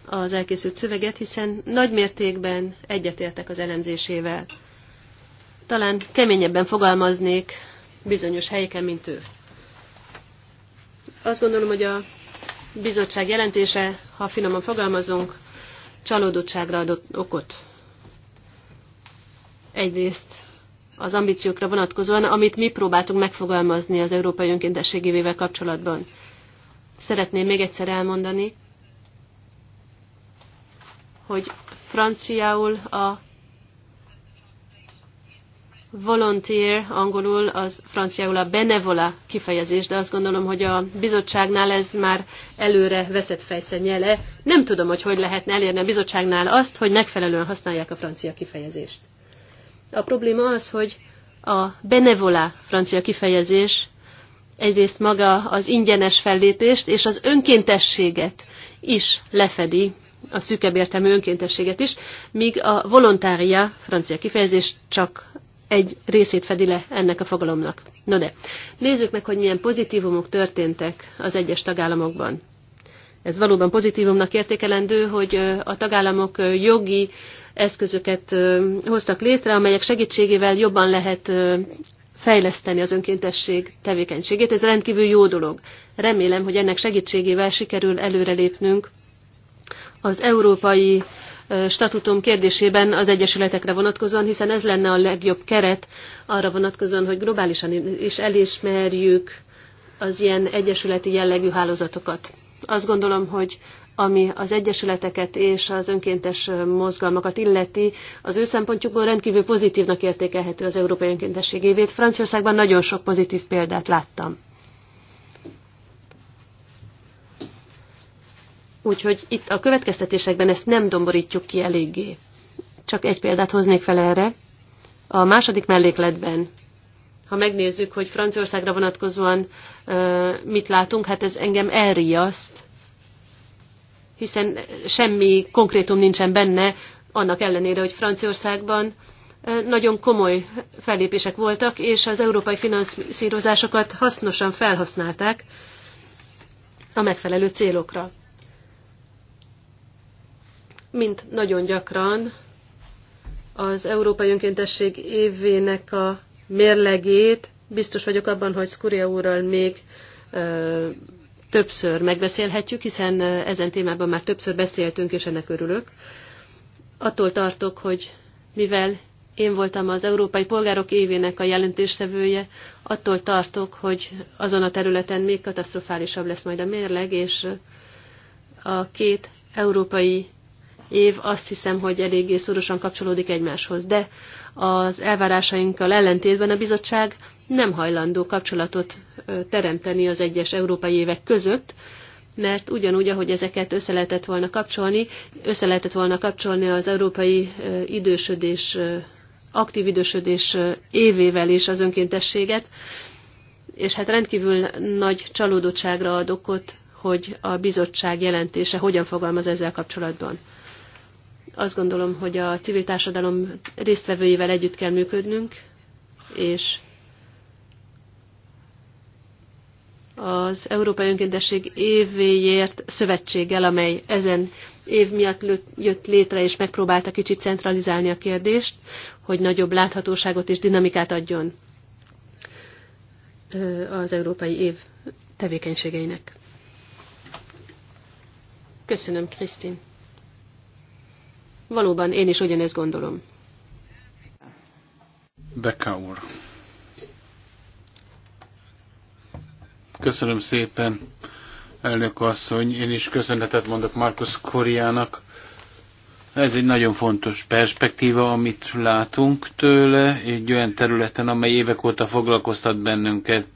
A: az elkészült szöveget, hiszen nagy mértékben egyetértek az elemzésével. Talán keményebben fogalmaznék bizonyos helyeken, mint ő. Azt gondolom, hogy a bizottság jelentése, ha finoman fogalmazunk, csalódottságra adott okot. Egyrészt az ambíciókra vonatkozóan, amit mi próbáltunk megfogalmazni az Európai önkéntességével kapcsolatban. Szeretném még egyszer elmondani, hogy franciául a volunteer, angolul az franciául a benevola kifejezés, de azt gondolom, hogy a bizottságnál ez már előre veszett fejszen jele. Nem tudom, hogy hogy lehetne elérni a bizottságnál azt, hogy megfelelően használják a francia kifejezést. A probléma az, hogy a benevola francia kifejezés egyrészt maga az ingyenes fellépést és az önkéntességet is lefedi, a szűkebb értelmű önkéntességet is, míg a volontária, francia kifejezés, csak egy részét fedi le ennek a fogalomnak. No de, nézzük meg, hogy milyen pozitívumok történtek az egyes tagállamokban. Ez valóban pozitívumnak értékelendő, hogy a tagállamok jogi eszközöket hoztak létre, amelyek segítségével jobban lehet fejleszteni az önkéntesség tevékenységét. Ez rendkívül jó dolog. Remélem, hogy ennek segítségével sikerül előrelépnünk az európai statutum kérdésében az egyesületekre vonatkozóan, hiszen ez lenne a legjobb keret arra vonatkozóan, hogy globálisan is elismerjük az ilyen egyesületi jellegű hálózatokat. Azt gondolom, hogy ami az egyesületeket és az önkéntes mozgalmakat illeti, az ő szempontjukból rendkívül pozitívnak értékelhető az európai önkéntesség évét. Franciaországban nagyon sok pozitív példát láttam. Úgyhogy itt a következtetésekben ezt nem domborítjuk ki eléggé. Csak egy példát hoznék fel erre. A második mellékletben, ha megnézzük, hogy Franciaországra vonatkozóan mit látunk, hát ez engem elriaszt, hiszen semmi konkrétum nincsen benne, annak ellenére, hogy Franciaországban nagyon komoly fellépések voltak, és az európai finanszírozásokat hasznosan felhasználták a megfelelő célokra. Mint nagyon gyakran az Európai Önkéntesség évének a mérlegét, biztos vagyok abban, hogy Skuria úrral még többször megbeszélhetjük, hiszen ezen témában már többször beszéltünk, és ennek örülök. Attól tartok, hogy mivel én voltam az Európai Polgárok évének a jelentéstevője, attól tartok, hogy azon a területen még katasztrofálisabb lesz majd a mérleg, és a két európai év azt hiszem, hogy eléggé szorosan kapcsolódik egymáshoz. De az elvárásainkkal ellentétben a bizottság nem hajlandó kapcsolatot teremteni az egyes európai évek között, mert ugyanúgy, ahogy ezeket össze lehetett volna kapcsolni, össze lehetett volna kapcsolni az európai idősödés, aktív idősödés évével is az önkéntességet, és hát rendkívül nagy csalódottságra ad okot, hogy a bizottság jelentése hogyan fogalmaz ezzel kapcsolatban. Azt gondolom, hogy a civil társadalom résztvevőivel együtt kell működnünk, és az Európai Önkéntesség évéért szövetséggel, amely ezen év miatt jött létre, és megpróbálta kicsit centralizálni a kérdést, hogy nagyobb láthatóságot és dinamikát adjon az Európai Év tevékenységeinek. Köszönöm, Krisztin. Valóban én is ugyanezt gondolom.
C: Becca úr. Köszönöm szépen, elnök asszony. Én is köszönetet mondok Markus Koriának. Ez egy nagyon fontos perspektíva, amit látunk tőle, egy olyan területen, amely évek óta foglalkoztat bennünket.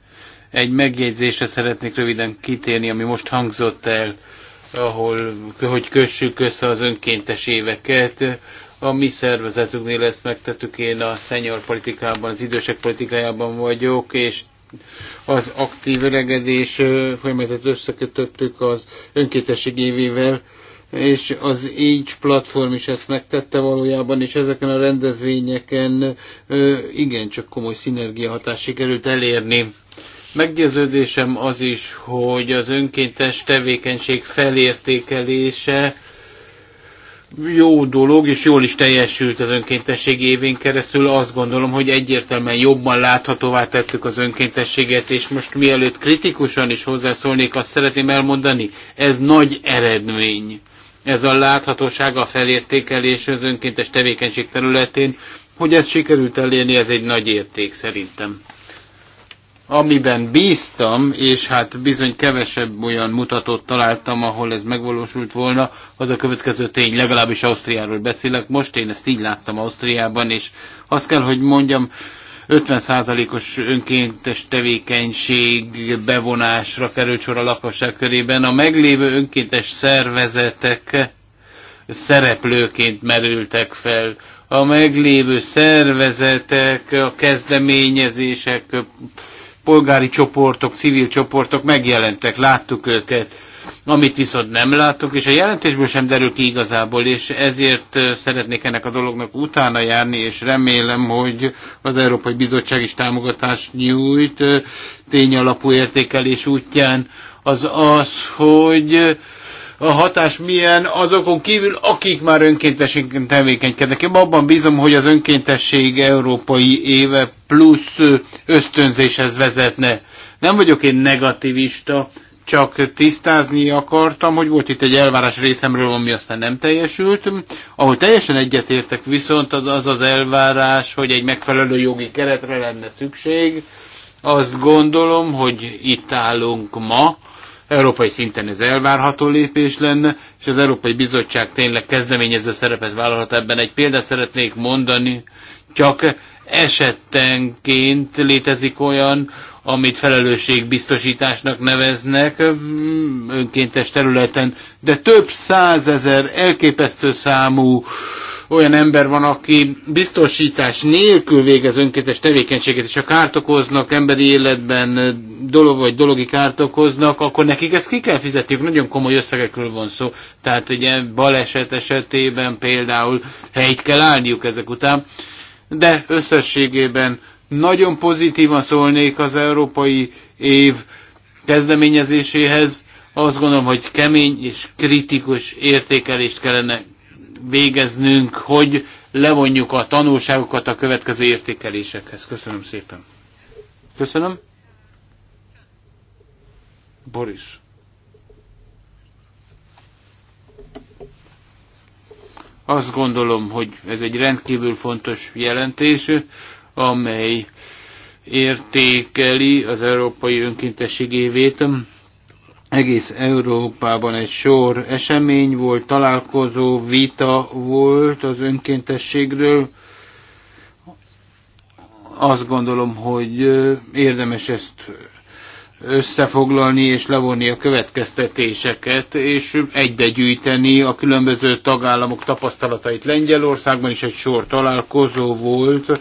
C: Egy megjegyzésre szeretnék röviden kitérni, ami most hangzott el, ahol, hogy kössük össze az önkéntes éveket. A mi szervezetünknél ezt megtettük, én a senior politikában, az idősek politikájában vagyok, és az aktív öregedés folyamatot összekötöttük az önkétesség évével, és az Age platform is ezt megtette valójában, és ezeken a rendezvényeken igencsak komoly szinergiahatást sikerült elérni. Meggyőződésem az is, hogy az önkéntes tevékenység felértékelése jó dolog, és jól is teljesült az önkéntesség évén keresztül. Azt gondolom, hogy egyértelműen jobban láthatóvá tettük az önkéntességet, és most mielőtt kritikusan is hozzászólnék, azt szeretném elmondani, ez nagy eredmény. Ez a láthatóság, a felértékelés az önkéntes tevékenység területén, hogy ezt sikerült elérni, ez egy nagy érték szerintem amiben bíztam, és hát bizony kevesebb olyan mutatót találtam, ahol ez megvalósult volna, az a következő tény, legalábbis Ausztriáról beszélek. Most én ezt így láttam Ausztriában, és azt kell, hogy mondjam, 50%-os önkéntes tevékenység bevonásra került sor a lakosság körében. A meglévő önkéntes szervezetek szereplőként merültek fel. A meglévő szervezetek, a kezdeményezések, polgári csoportok, civil csoportok megjelentek, láttuk őket, amit viszont nem látok, és a jelentésből sem derül ki igazából, és ezért szeretnék ennek a dolognak utána járni, és remélem, hogy az Európai Bizottság is támogatást nyújt tényalapú értékelés útján, az az, hogy a hatás milyen azokon kívül, akik már önkéntesen tevékenykednek. Én abban bízom, hogy az önkéntesség európai éve plusz ösztönzéshez vezetne. Nem vagyok én negativista, csak tisztázni akartam, hogy volt itt egy elvárás részemről, ami aztán nem teljesült. Ahol teljesen egyetértek viszont az az, az elvárás, hogy egy megfelelő jogi keretre lenne szükség. Azt gondolom, hogy itt állunk ma, európai szinten ez elvárható lépés lenne, és az Európai Bizottság tényleg kezdeményező szerepet vállalhat ebben. Egy példát szeretnék mondani, csak esetenként létezik olyan, amit felelősségbiztosításnak neveznek mm, önkéntes területen, de több százezer elképesztő számú olyan ember van, aki biztosítás nélkül végez önkéntes tevékenységet, és a kárt okoznak emberi életben, dolog vagy dologi kárt okoznak, akkor nekik ezt ki kell fizetniük. Nagyon komoly összegekről van szó. Tehát egy ilyen baleset esetében például helyt kell állniuk ezek után. De összességében nagyon pozitívan szólnék az európai év kezdeményezéséhez. Azt gondolom, hogy kemény és kritikus értékelést kellene végeznünk, hogy levonjuk a tanulságokat a következő értékelésekhez. Köszönöm szépen. Köszönöm. Boris. Azt gondolom, hogy ez egy rendkívül fontos jelentés, amely értékeli az Európai Önkéntesség évét egész Európában egy sor esemény volt, találkozó, vita volt az önkéntességről. Azt gondolom, hogy érdemes ezt összefoglalni és levonni a következtetéseket, és egybegyűjteni a különböző tagállamok tapasztalatait. Lengyelországban is egy sor találkozó volt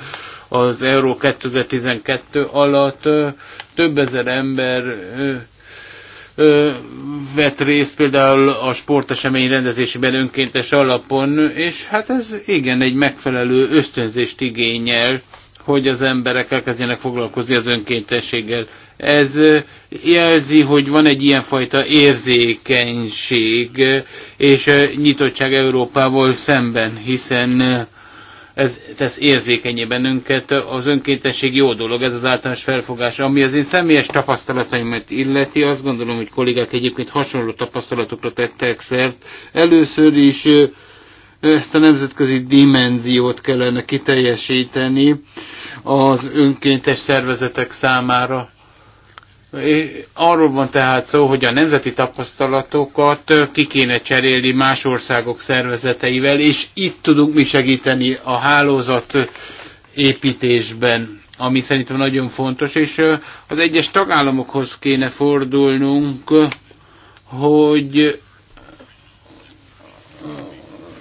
C: az Euró 2012 alatt. Több ezer ember vett részt például a sportesemény rendezésében önkéntes alapon, és hát ez igen egy megfelelő ösztönzést igényel, hogy az emberek elkezdjenek foglalkozni az önkéntességgel. Ez jelzi, hogy van egy ilyenfajta érzékenység és nyitottság Európával szemben, hiszen ez tesz érzékenyé bennünket, az önkéntesség jó dolog, ez az általános felfogás. Ami az én személyes tapasztalataimat illeti, azt gondolom, hogy kollégák egyébként hasonló tapasztalatokra tettek szert. Először is ezt a nemzetközi dimenziót kellene kiteljesíteni az önkéntes szervezetek számára. Arról van tehát szó, hogy a nemzeti tapasztalatokat ki kéne cserélni más országok szervezeteivel, és itt tudunk mi segíteni a hálózat építésben, ami szerintem nagyon fontos, és az egyes tagállamokhoz kéne fordulnunk, hogy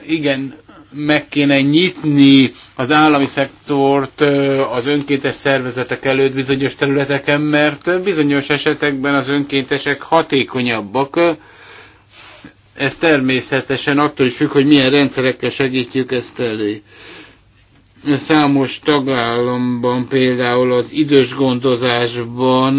C: igen, meg kéne nyitni az állami szektort az önkéntes szervezetek előtt bizonyos területeken, mert bizonyos esetekben az önkéntesek hatékonyabbak. Ez természetesen attól is függ, hogy milyen rendszerekkel segítjük ezt elő. Számos tagállamban, például az idős gondozásban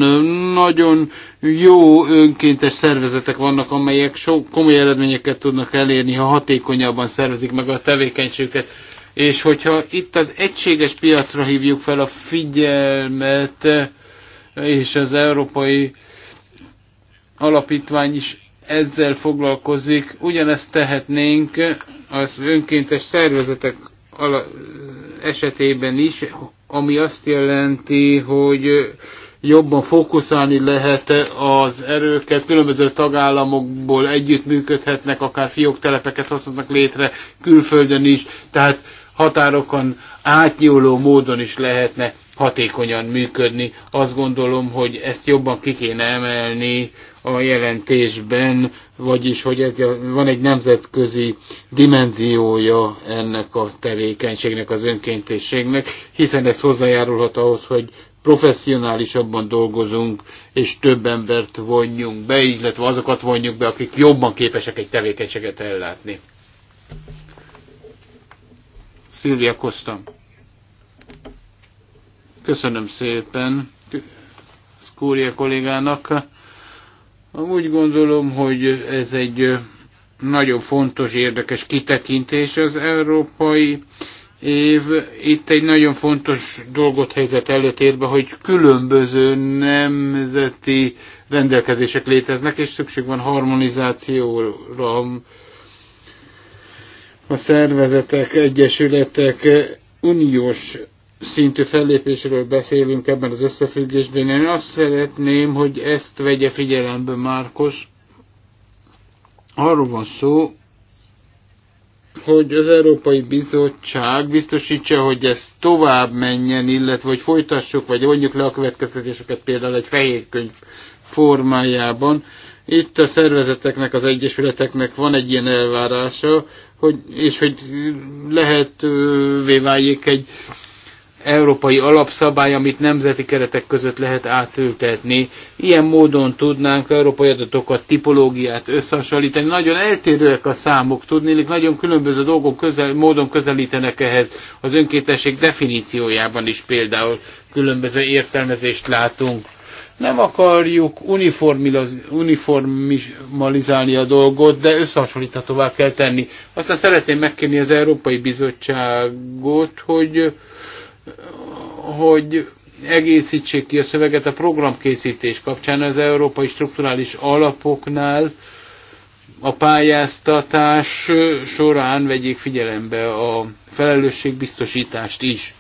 C: nagyon jó önkéntes szervezetek vannak, amelyek sok komoly eredményeket tudnak elérni, ha hatékonyabban szervezik meg a tevékenységüket. És hogyha itt az egységes piacra hívjuk fel a figyelmet, és az Európai Alapítvány is ezzel foglalkozik, ugyanezt tehetnénk az önkéntes szervezetek esetében is, ami azt jelenti, hogy jobban fókuszálni lehet az erőket, különböző tagállamokból együttműködhetnek, akár fióktelepeket hozhatnak létre külföldön is, tehát határokon átnyúló módon is lehetne hatékonyan működni. Azt gondolom, hogy ezt jobban ki kéne emelni a jelentésben, vagyis hogy ez, van egy nemzetközi dimenziója ennek a tevékenységnek, az önkéntességnek, hiszen ez hozzájárulhat ahhoz, hogy professzionálisabban dolgozunk, és több embert vonjunk be, illetve azokat vonjuk be, akik jobban képesek egy tevékenységet ellátni. Szilvia Kosztam. Köszönöm szépen Szkúria kollégának úgy gondolom, hogy ez egy nagyon fontos, érdekes kitekintés az európai év. Itt egy nagyon fontos dolgot helyzet előtérbe, hogy különböző nemzeti rendelkezések léteznek, és szükség van harmonizációra a szervezetek, egyesületek uniós szintű fellépésről beszélünk ebben az összefüggésben. Én azt szeretném, hogy ezt vegye figyelembe Márkos. Arról van szó, hogy az Európai Bizottság biztosítsa, hogy ez tovább menjen, illetve hogy folytassuk, vagy vonjuk le a következtetéseket például egy fehér könyv formájában. Itt a szervezeteknek, az egyesületeknek van egy ilyen elvárása, hogy, és hogy lehetővé váljék egy európai alapszabály, amit nemzeti keretek között lehet átültetni. Ilyen módon tudnánk európai adatokat, tipológiát összehasonlítani. Nagyon eltérőek a számok, tudnélik, nagyon különböző dolgok közel, módon közelítenek ehhez. Az önkéntesség definíciójában is például különböző értelmezést látunk. Nem akarjuk uniformalizálni a dolgot, de összehasonlíthatóvá kell tenni. Aztán szeretném megkérni az Európai Bizottságot, hogy hogy egészítsék ki a szöveget a programkészítés kapcsán az európai strukturális alapoknál a pályáztatás során vegyék figyelembe a felelősségbiztosítást is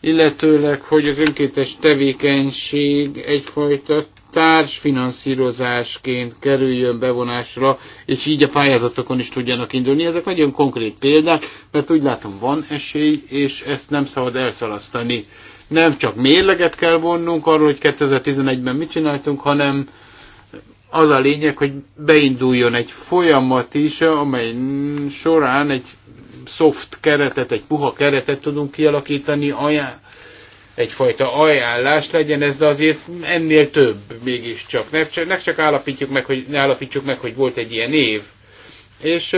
C: illetőleg, hogy az önkéntes tevékenység egyfajta társfinanszírozásként kerüljön bevonásra, és így a pályázatokon is tudjanak indulni. Ezek nagyon konkrét példák, mert úgy látom van esély, és ezt nem szabad elszalasztani. Nem csak mérleget kell vonnunk arról, hogy 2011-ben mit csináltunk, hanem az a lényeg, hogy beinduljon egy folyamat is, amely során egy soft keretet, egy puha keretet tudunk kialakítani, ajánl egyfajta ajánlás legyen ez, de azért ennél több mégiscsak. Ne csak, ne csak állapítjuk meg, hogy, ne állapítsuk meg, hogy volt egy ilyen év. És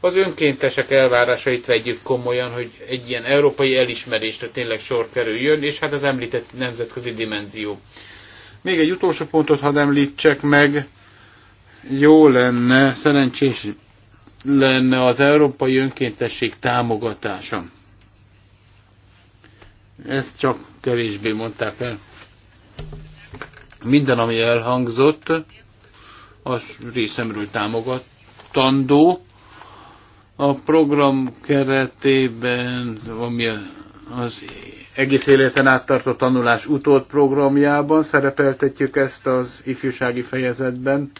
C: az önkéntesek elvárásait vegyük komolyan, hogy egy ilyen európai elismerésre tényleg sor kerüljön, és hát az említett nemzetközi dimenzió. Még egy utolsó pontot hadd említsek meg. Jó lenne, szerencsés lenne az európai önkéntesség támogatása. Ez csak kevésbé mondták el. Minden, ami elhangzott, az részemről támogatandó. A program keretében, ami az egész életen áttartó tanulás utolt programjában szerepeltetjük ezt az ifjúsági fejezetben.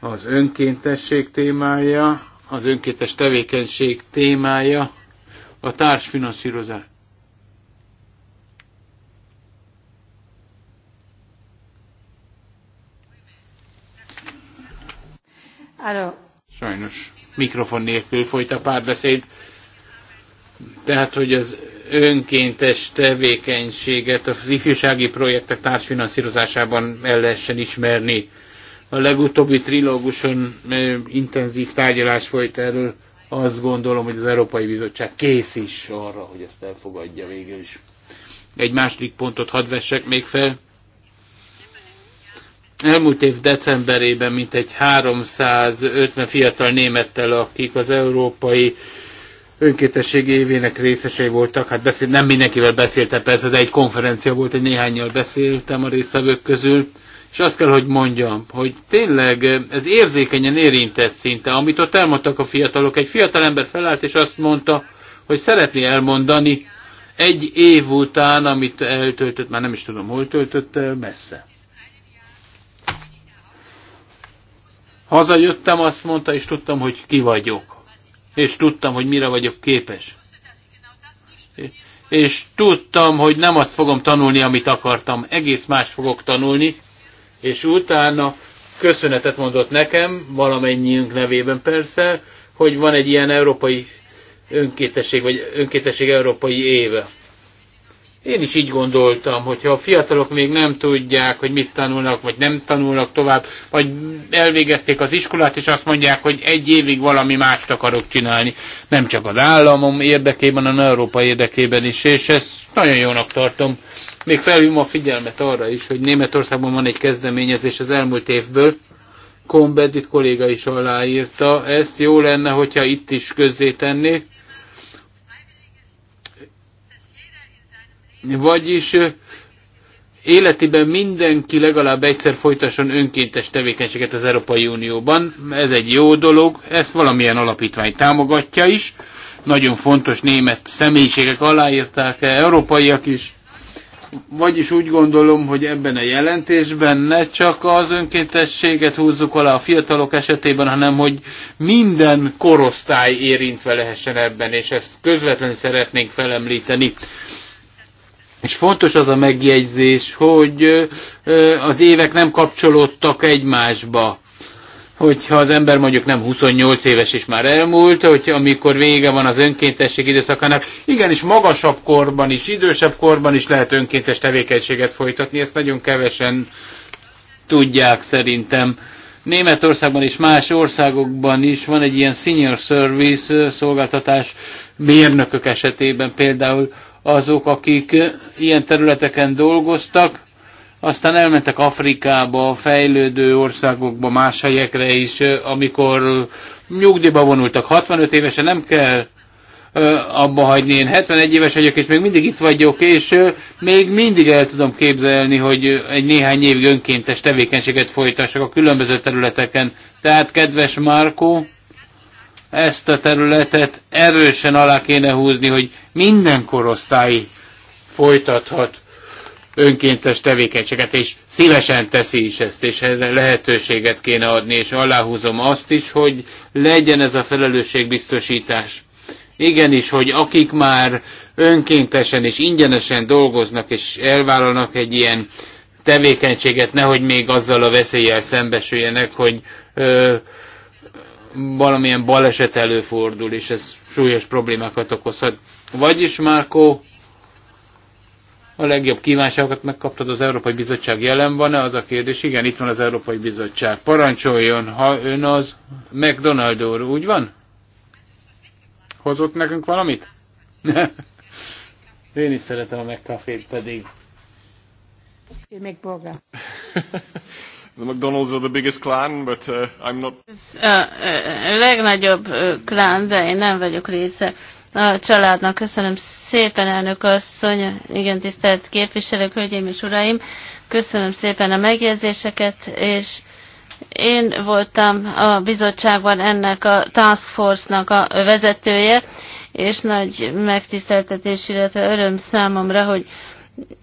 C: Az önkéntesség témája, az önkéntes tevékenység témája, a társfinanszírozás Sajnos mikrofon nélkül folyt a párbeszéd. Tehát, hogy az önkéntes tevékenységet a ifjúsági projektek társfinanszírozásában el lehessen ismerni. A legutóbbi trilóguson intenzív tárgyalás folyt erről. Azt gondolom, hogy az Európai Bizottság kész is arra, hogy ezt elfogadja végül is. Egy második pontot hadd vessek még fel. Elmúlt év decemberében mintegy 350 fiatal némettel, akik az európai önkéntesség évének részesei voltak. Hát beszél, nem mindenkivel beszéltem persze, de egy konferencia volt, egy néhányjal beszéltem a résztvevők közül. És azt kell, hogy mondjam, hogy tényleg ez érzékenyen érintett szinte, amit ott elmondtak a fiatalok. Egy fiatal ember felállt és azt mondta, hogy szeretné elmondani egy év után, amit eltöltött, már nem is tudom, hol töltött, messze. Hazajöttem, azt mondta, és tudtam, hogy ki vagyok. És tudtam, hogy mire vagyok képes. És tudtam, hogy nem azt fogom tanulni, amit akartam. Egész mást fogok tanulni. És utána köszönetet mondott nekem, valamennyiünk nevében persze, hogy van egy ilyen európai önkétesség, vagy önkétesség európai éve. Én is így gondoltam, hogy ha a fiatalok még nem tudják, hogy mit tanulnak, vagy nem tanulnak tovább, vagy elvégezték az iskolát, és azt mondják, hogy egy évig valami mást akarok csinálni. Nem csak az államom érdekében, hanem Európa érdekében is, és ezt nagyon jónak tartom. Még felhívom a figyelmet arra is, hogy Németországban van egy kezdeményezés az elmúlt évből, Kombedit kolléga is aláírta ezt, jó lenne, hogyha itt is közzétennék, Vagyis életében mindenki legalább egyszer folytasson önkéntes tevékenységet az Európai Unióban. Ez egy jó dolog, ezt valamilyen alapítvány támogatja is. Nagyon fontos német személyiségek aláírták, európaiak is. Vagyis úgy gondolom, hogy ebben a jelentésben ne csak az önkéntességet húzzuk alá a fiatalok esetében, hanem hogy minden korosztály érintve lehessen ebben, és ezt közvetlenül szeretnénk felemlíteni. És fontos az a megjegyzés, hogy az évek nem kapcsolódtak egymásba. Hogyha az ember mondjuk nem 28 éves és már elmúlt, hogy amikor vége van az önkéntesség időszakának, igenis magasabb korban is, idősebb korban is lehet önkéntes tevékenységet folytatni, ezt nagyon kevesen tudják szerintem. Németországban és más országokban is van egy ilyen senior service szolgáltatás mérnökök esetében például, azok, akik eh, ilyen területeken dolgoztak, aztán elmentek Afrikába, fejlődő országokba, más helyekre is, eh, amikor nyugdíjba vonultak, 65 évesen nem kell eh, abba hagyni. Én 71 éves vagyok, és még mindig itt vagyok, és még mindig el tudom képzelni, hogy egy néhány évig önkéntes tevékenységet folytassak a különböző területeken. Tehát, kedves Márkó, ezt a területet erősen alá kéne húzni, hogy minden korosztály folytathat önkéntes tevékenységet, és szívesen teszi is ezt, és lehetőséget kéne adni, és aláhúzom azt is, hogy legyen ez a felelősségbiztosítás. Igenis, hogy akik már önkéntesen és ingyenesen dolgoznak, és elvállalnak egy ilyen tevékenységet, nehogy még azzal a veszéllyel szembesüljenek, hogy ö, valamilyen baleset előfordul, és ez súlyos problémákat okozhat. Vagyis, Márkó, a legjobb kívánságokat megkaptad, az Európai Bizottság jelen van-e? Az a kérdés. Igen, itt van az Európai Bizottság. Parancsoljon, ha ön az McDonald úr, úgy van? Hozott nekünk valamit? Én is szeretem a megkafét pedig.
B: Még
C: The McDonald's are the biggest clan, but uh, I'm not...
B: A legnagyobb klán, de én nem vagyok része a családnak. Köszönöm szépen, elnök asszony, igen, tisztelt képviselők, hölgyeim és uraim. Köszönöm szépen a megjegyzéseket, és én voltam a bizottságban ennek a Task Force-nak a vezetője, és nagy megtiszteltetés, illetve öröm számomra, hogy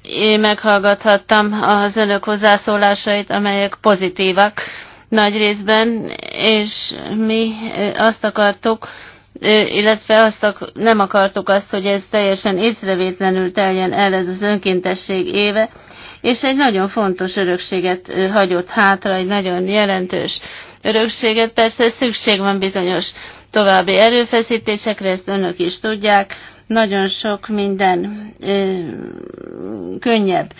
B: én meghallgathattam az önök hozzászólásait, amelyek pozitívak nagy részben, és mi azt akartuk, illetve azt ak nem akartuk azt, hogy ez teljesen észrevétlenül teljen el ez az önkéntesség éve, és egy nagyon fontos örökséget hagyott hátra, egy nagyon jelentős örökséget. Persze szükség van bizonyos további erőfeszítésekre, ezt önök is tudják, nagyon sok minden könnyebb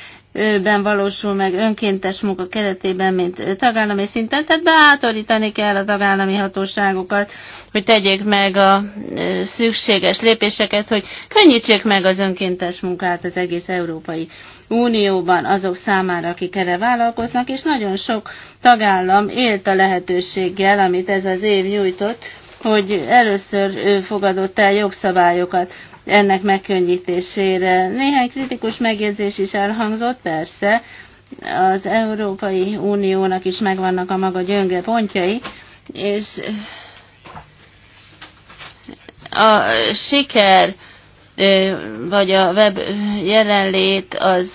B: ben valósul meg önkéntes munka keretében, mint tagállami szinten, tehát beátorítani kell a tagállami hatóságokat, hogy tegyék meg a szükséges lépéseket, hogy könnyítsék meg az önkéntes munkát az egész Európai Unióban azok számára, akik erre vállalkoznak, és nagyon sok tagállam élt a lehetőséggel, amit ez az év nyújtott, hogy először fogadott el jogszabályokat ennek megkönnyítésére. Néhány kritikus megjegyzés is elhangzott, persze, az Európai Uniónak is megvannak a maga gyönge pontjai, és a siker vagy a web jelenlét az,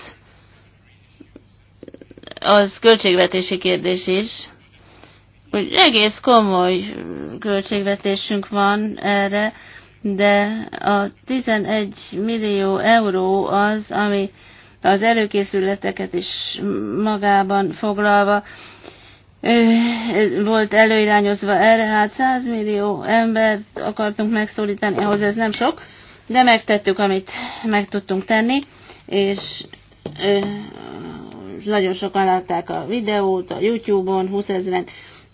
B: az költségvetési kérdés is. Úgy egész komoly költségvetésünk van erre, de a 11 millió euró az, ami az előkészületeket is magában foglalva volt előirányozva erre, hát 100 millió embert akartunk megszólítani, ahhoz ez nem sok, de megtettük, amit meg tudtunk tenni, és nagyon sokan látták a videót a YouTube-on, 20 ezeren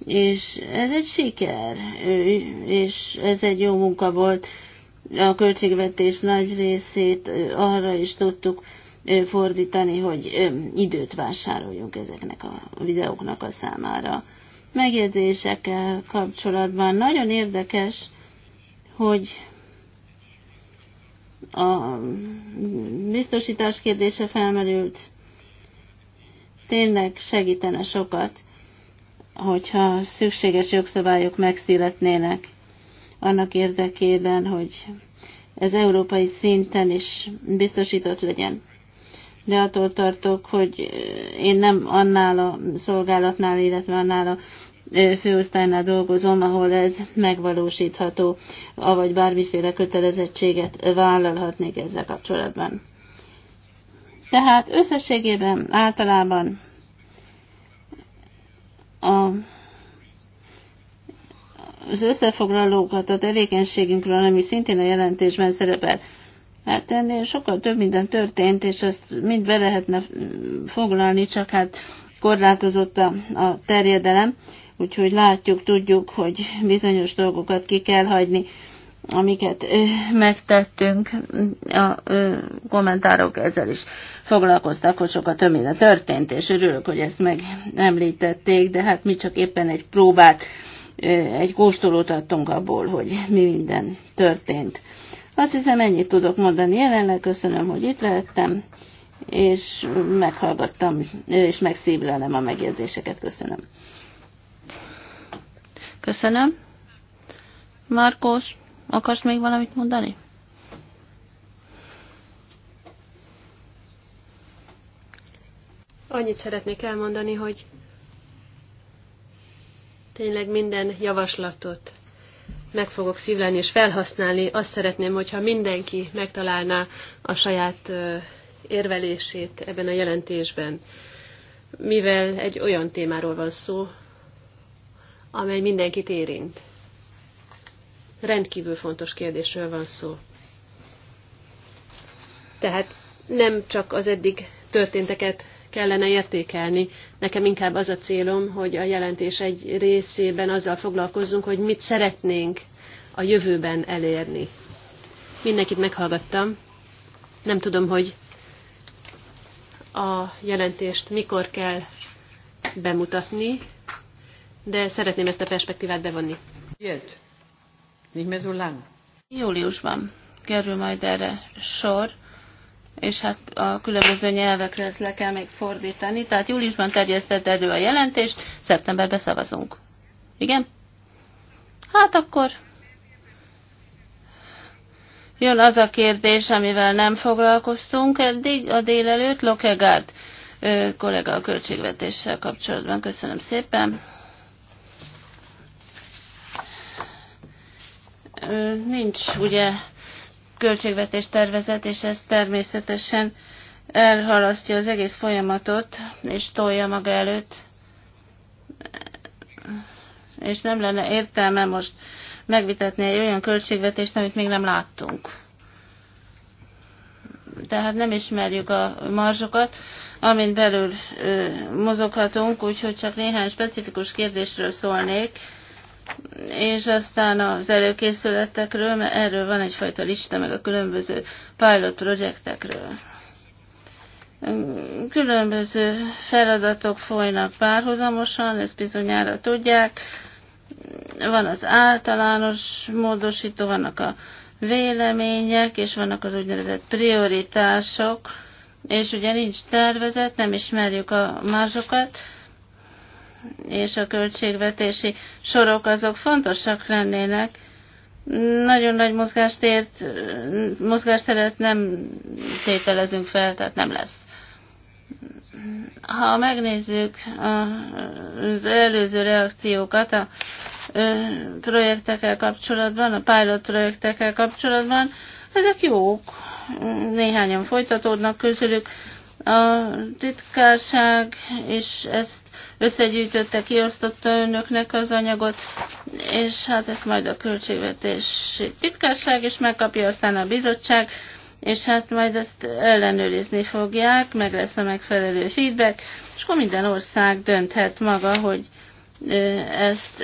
B: és ez egy siker, és ez egy jó munka volt. A költségvetés nagy részét arra is tudtuk fordítani, hogy időt vásároljunk ezeknek a videóknak a számára. Megjegyzésekkel kapcsolatban nagyon érdekes, hogy a biztosítás kérdése felmerült, tényleg segítene sokat, hogyha szükséges jogszabályok megszületnének annak érdekében, hogy ez európai szinten is biztosított legyen. De attól tartok, hogy én nem annál a szolgálatnál, illetve annál a főosztálynál dolgozom, ahol ez megvalósítható, avagy bármiféle kötelezettséget vállalhatnék ezzel kapcsolatban. Tehát összességében általában a, az összefoglalókat a tevékenységünkről, ami szintén a jelentésben szerepel, Hát ennél sokkal több minden történt, és ezt mind be lehetne foglalni, csak hát korlátozott a, a terjedelem, úgyhogy látjuk, tudjuk, hogy bizonyos dolgokat ki kell hagyni amiket megtettünk, a kommentárok ezzel is foglalkoztak, hogy sokat több minden történt, és örülök, hogy ezt megemlítették, de hát mi csak éppen egy próbát, egy kóstolót adtunk abból, hogy mi minden történt. Azt hiszem, ennyit tudok mondani jelenleg, köszönöm, hogy itt lehettem, és meghallgattam, és megszívlelem a megjegyzéseket, köszönöm. Köszönöm. Markus Akarsz még valamit mondani?
A: Annyit szeretnék elmondani, hogy tényleg minden javaslatot meg fogok szívlelni és felhasználni. Azt szeretném, hogyha mindenki megtalálná a saját érvelését ebben a jelentésben, mivel egy olyan témáról van szó, amely mindenkit érint rendkívül fontos kérdésről van szó. Tehát nem csak az eddig történteket kellene értékelni. Nekem inkább az a célom, hogy a jelentés egy részében azzal foglalkozzunk, hogy mit szeretnénk a jövőben elérni. Mindenkit meghallgattam. Nem tudom, hogy a jelentést mikor kell bemutatni, de szeretném ezt a perspektívát bevonni. Jött. Nicht mehr so lang. Júliusban kerül majd erre sor,
B: és hát a különböző nyelvekre ezt le kell még fordítani. Tehát júliusban terjesztett elő a jelentést, szeptemberben szavazunk. Igen? Hát akkor jön az a kérdés, amivel nem foglalkoztunk eddig a délelőtt, Lokegárd kollega a költségvetéssel kapcsolatban. Köszönöm szépen. nincs ugye költségvetés tervezet, és ez természetesen elhalasztja az egész folyamatot, és tolja maga előtt, és nem lenne értelme most megvitatni egy olyan költségvetést, amit még nem láttunk. Tehát nem ismerjük a marzsokat, amin belül ö, mozoghatunk, úgyhogy csak néhány specifikus kérdésről szólnék és aztán az előkészületekről, mert erről van egyfajta lista, meg a különböző pilot projektekről. Különböző feladatok folynak párhuzamosan, ezt bizonyára tudják. Van az általános módosító, vannak a vélemények, és vannak az úgynevezett prioritások, és ugye nincs tervezet, nem ismerjük a másokat, és a költségvetési sorok azok fontosak lennének. Nagyon nagy mozgástért, mozgásteret nem tételezünk fel, tehát nem lesz. Ha megnézzük az előző reakciókat a projektekkel kapcsolatban, a pilot projektekkel kapcsolatban, ezek jók, néhányan folytatódnak közülük, a titkárság és ezt összegyűjtötte, kiosztotta önöknek az anyagot, és hát ezt majd a költségvetési titkárság is megkapja, aztán a bizottság, és hát majd ezt ellenőrizni fogják, meg lesz a megfelelő feedback, és akkor minden ország dönthet maga, hogy ezt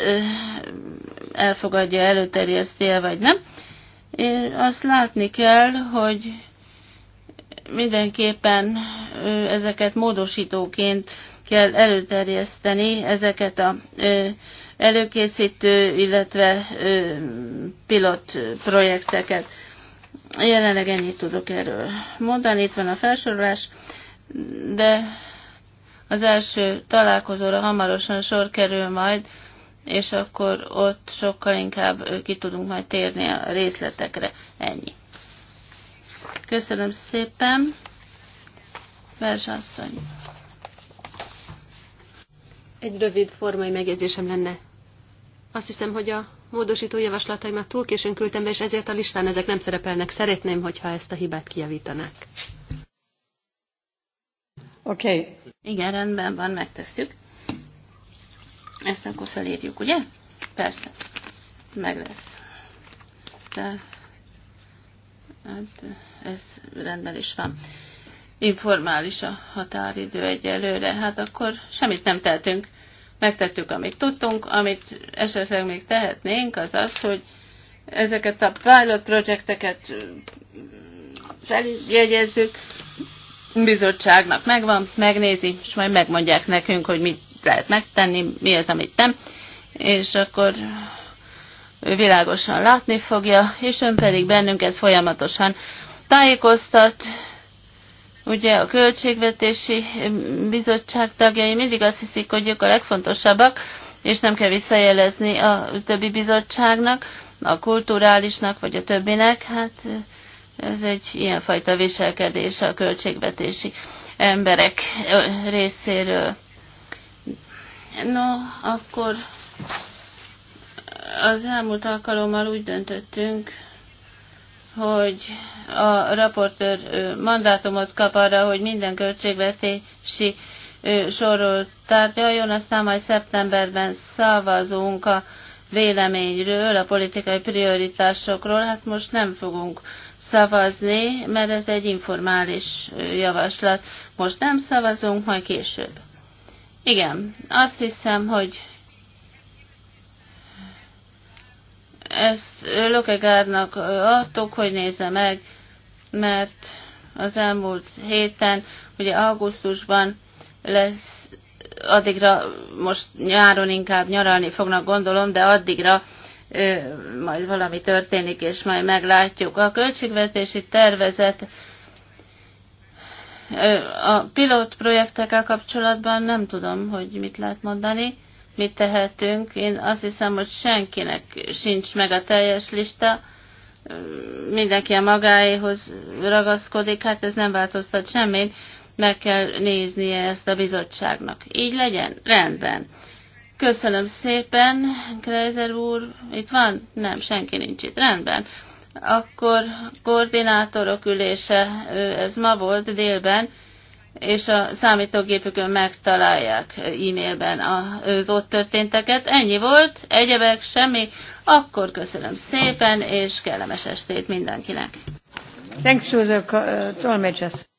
B: elfogadja, előterjeszti el, vagy nem. Én azt látni kell, hogy mindenképpen ezeket módosítóként kell előterjeszteni, ezeket a előkészítő, illetve pilot projekteket. Jelenleg ennyit tudok erről mondani, itt van a felsorolás, de az első találkozóra hamarosan sor kerül majd, és akkor ott sokkal inkább ki tudunk majd térni a részletekre. Ennyi. Köszönöm szépen. Verzsasszony.
A: Egy rövid formai megjegyzésem lenne. Azt hiszem, hogy a módosító javaslataimat túl későn küldtem be, és ezért a listán ezek nem szerepelnek. Szeretném, hogyha ezt a hibát kijavítanák.
B: Oké. Okay. Igen, rendben van, megtesszük. Ezt akkor felírjuk, ugye? Persze. Meg lesz. De Hát ez rendben is van. Informális a határidő egyelőre. Hát akkor semmit nem tehetünk. Megtettük, amit tudtunk. Amit esetleg még tehetnénk, az az, hogy ezeket a pilot projekteket feljegyezzük, bizottságnak megvan, megnézi, és majd megmondják nekünk, hogy mit lehet megtenni, mi az, amit nem, és akkor világosan látni fogja, és ön pedig bennünket folyamatosan tájékoztat. Ugye a Költségvetési Bizottság tagjai mindig azt hiszik, hogy ők a legfontosabbak, és nem kell visszajelezni a többi bizottságnak, a kulturálisnak vagy a többinek. Hát ez egy ilyenfajta viselkedés a költségvetési emberek részéről. No, akkor az elmúlt alkalommal úgy döntöttünk, hogy a raportőr mandátumot kap arra, hogy minden költségvetési sorról tárgyaljon, aztán majd szeptemberben szavazunk a véleményről, a politikai prioritásokról. Hát most nem fogunk szavazni, mert ez egy informális javaslat. Most nem szavazunk, majd később. Igen, azt hiszem, hogy Ezt Lökegárnak adtuk, hogy nézze meg, mert az elmúlt héten, ugye augusztusban lesz, addigra most nyáron inkább nyaralni fognak gondolom, de addigra ö, majd valami történik, és majd meglátjuk. A költségvetési tervezet ö, a pilot projektekkel kapcsolatban nem tudom, hogy mit lehet mondani mit tehetünk. Én azt hiszem, hogy senkinek sincs meg a teljes lista, mindenki a magáéhoz ragaszkodik, hát ez nem változtat semmit, meg kell néznie ezt a bizottságnak. Így legyen? Rendben. Köszönöm szépen, Kreiser úr. Itt van? Nem, senki nincs itt. Rendben. Akkor koordinátorok ülése, ez ma volt délben és a számítógépükön megtalálják e-mailben az ott történteket. Ennyi volt, egyebek, semmi. Akkor köszönöm szépen, és kellemes estét mindenkinek.
A: Thanks to the uh,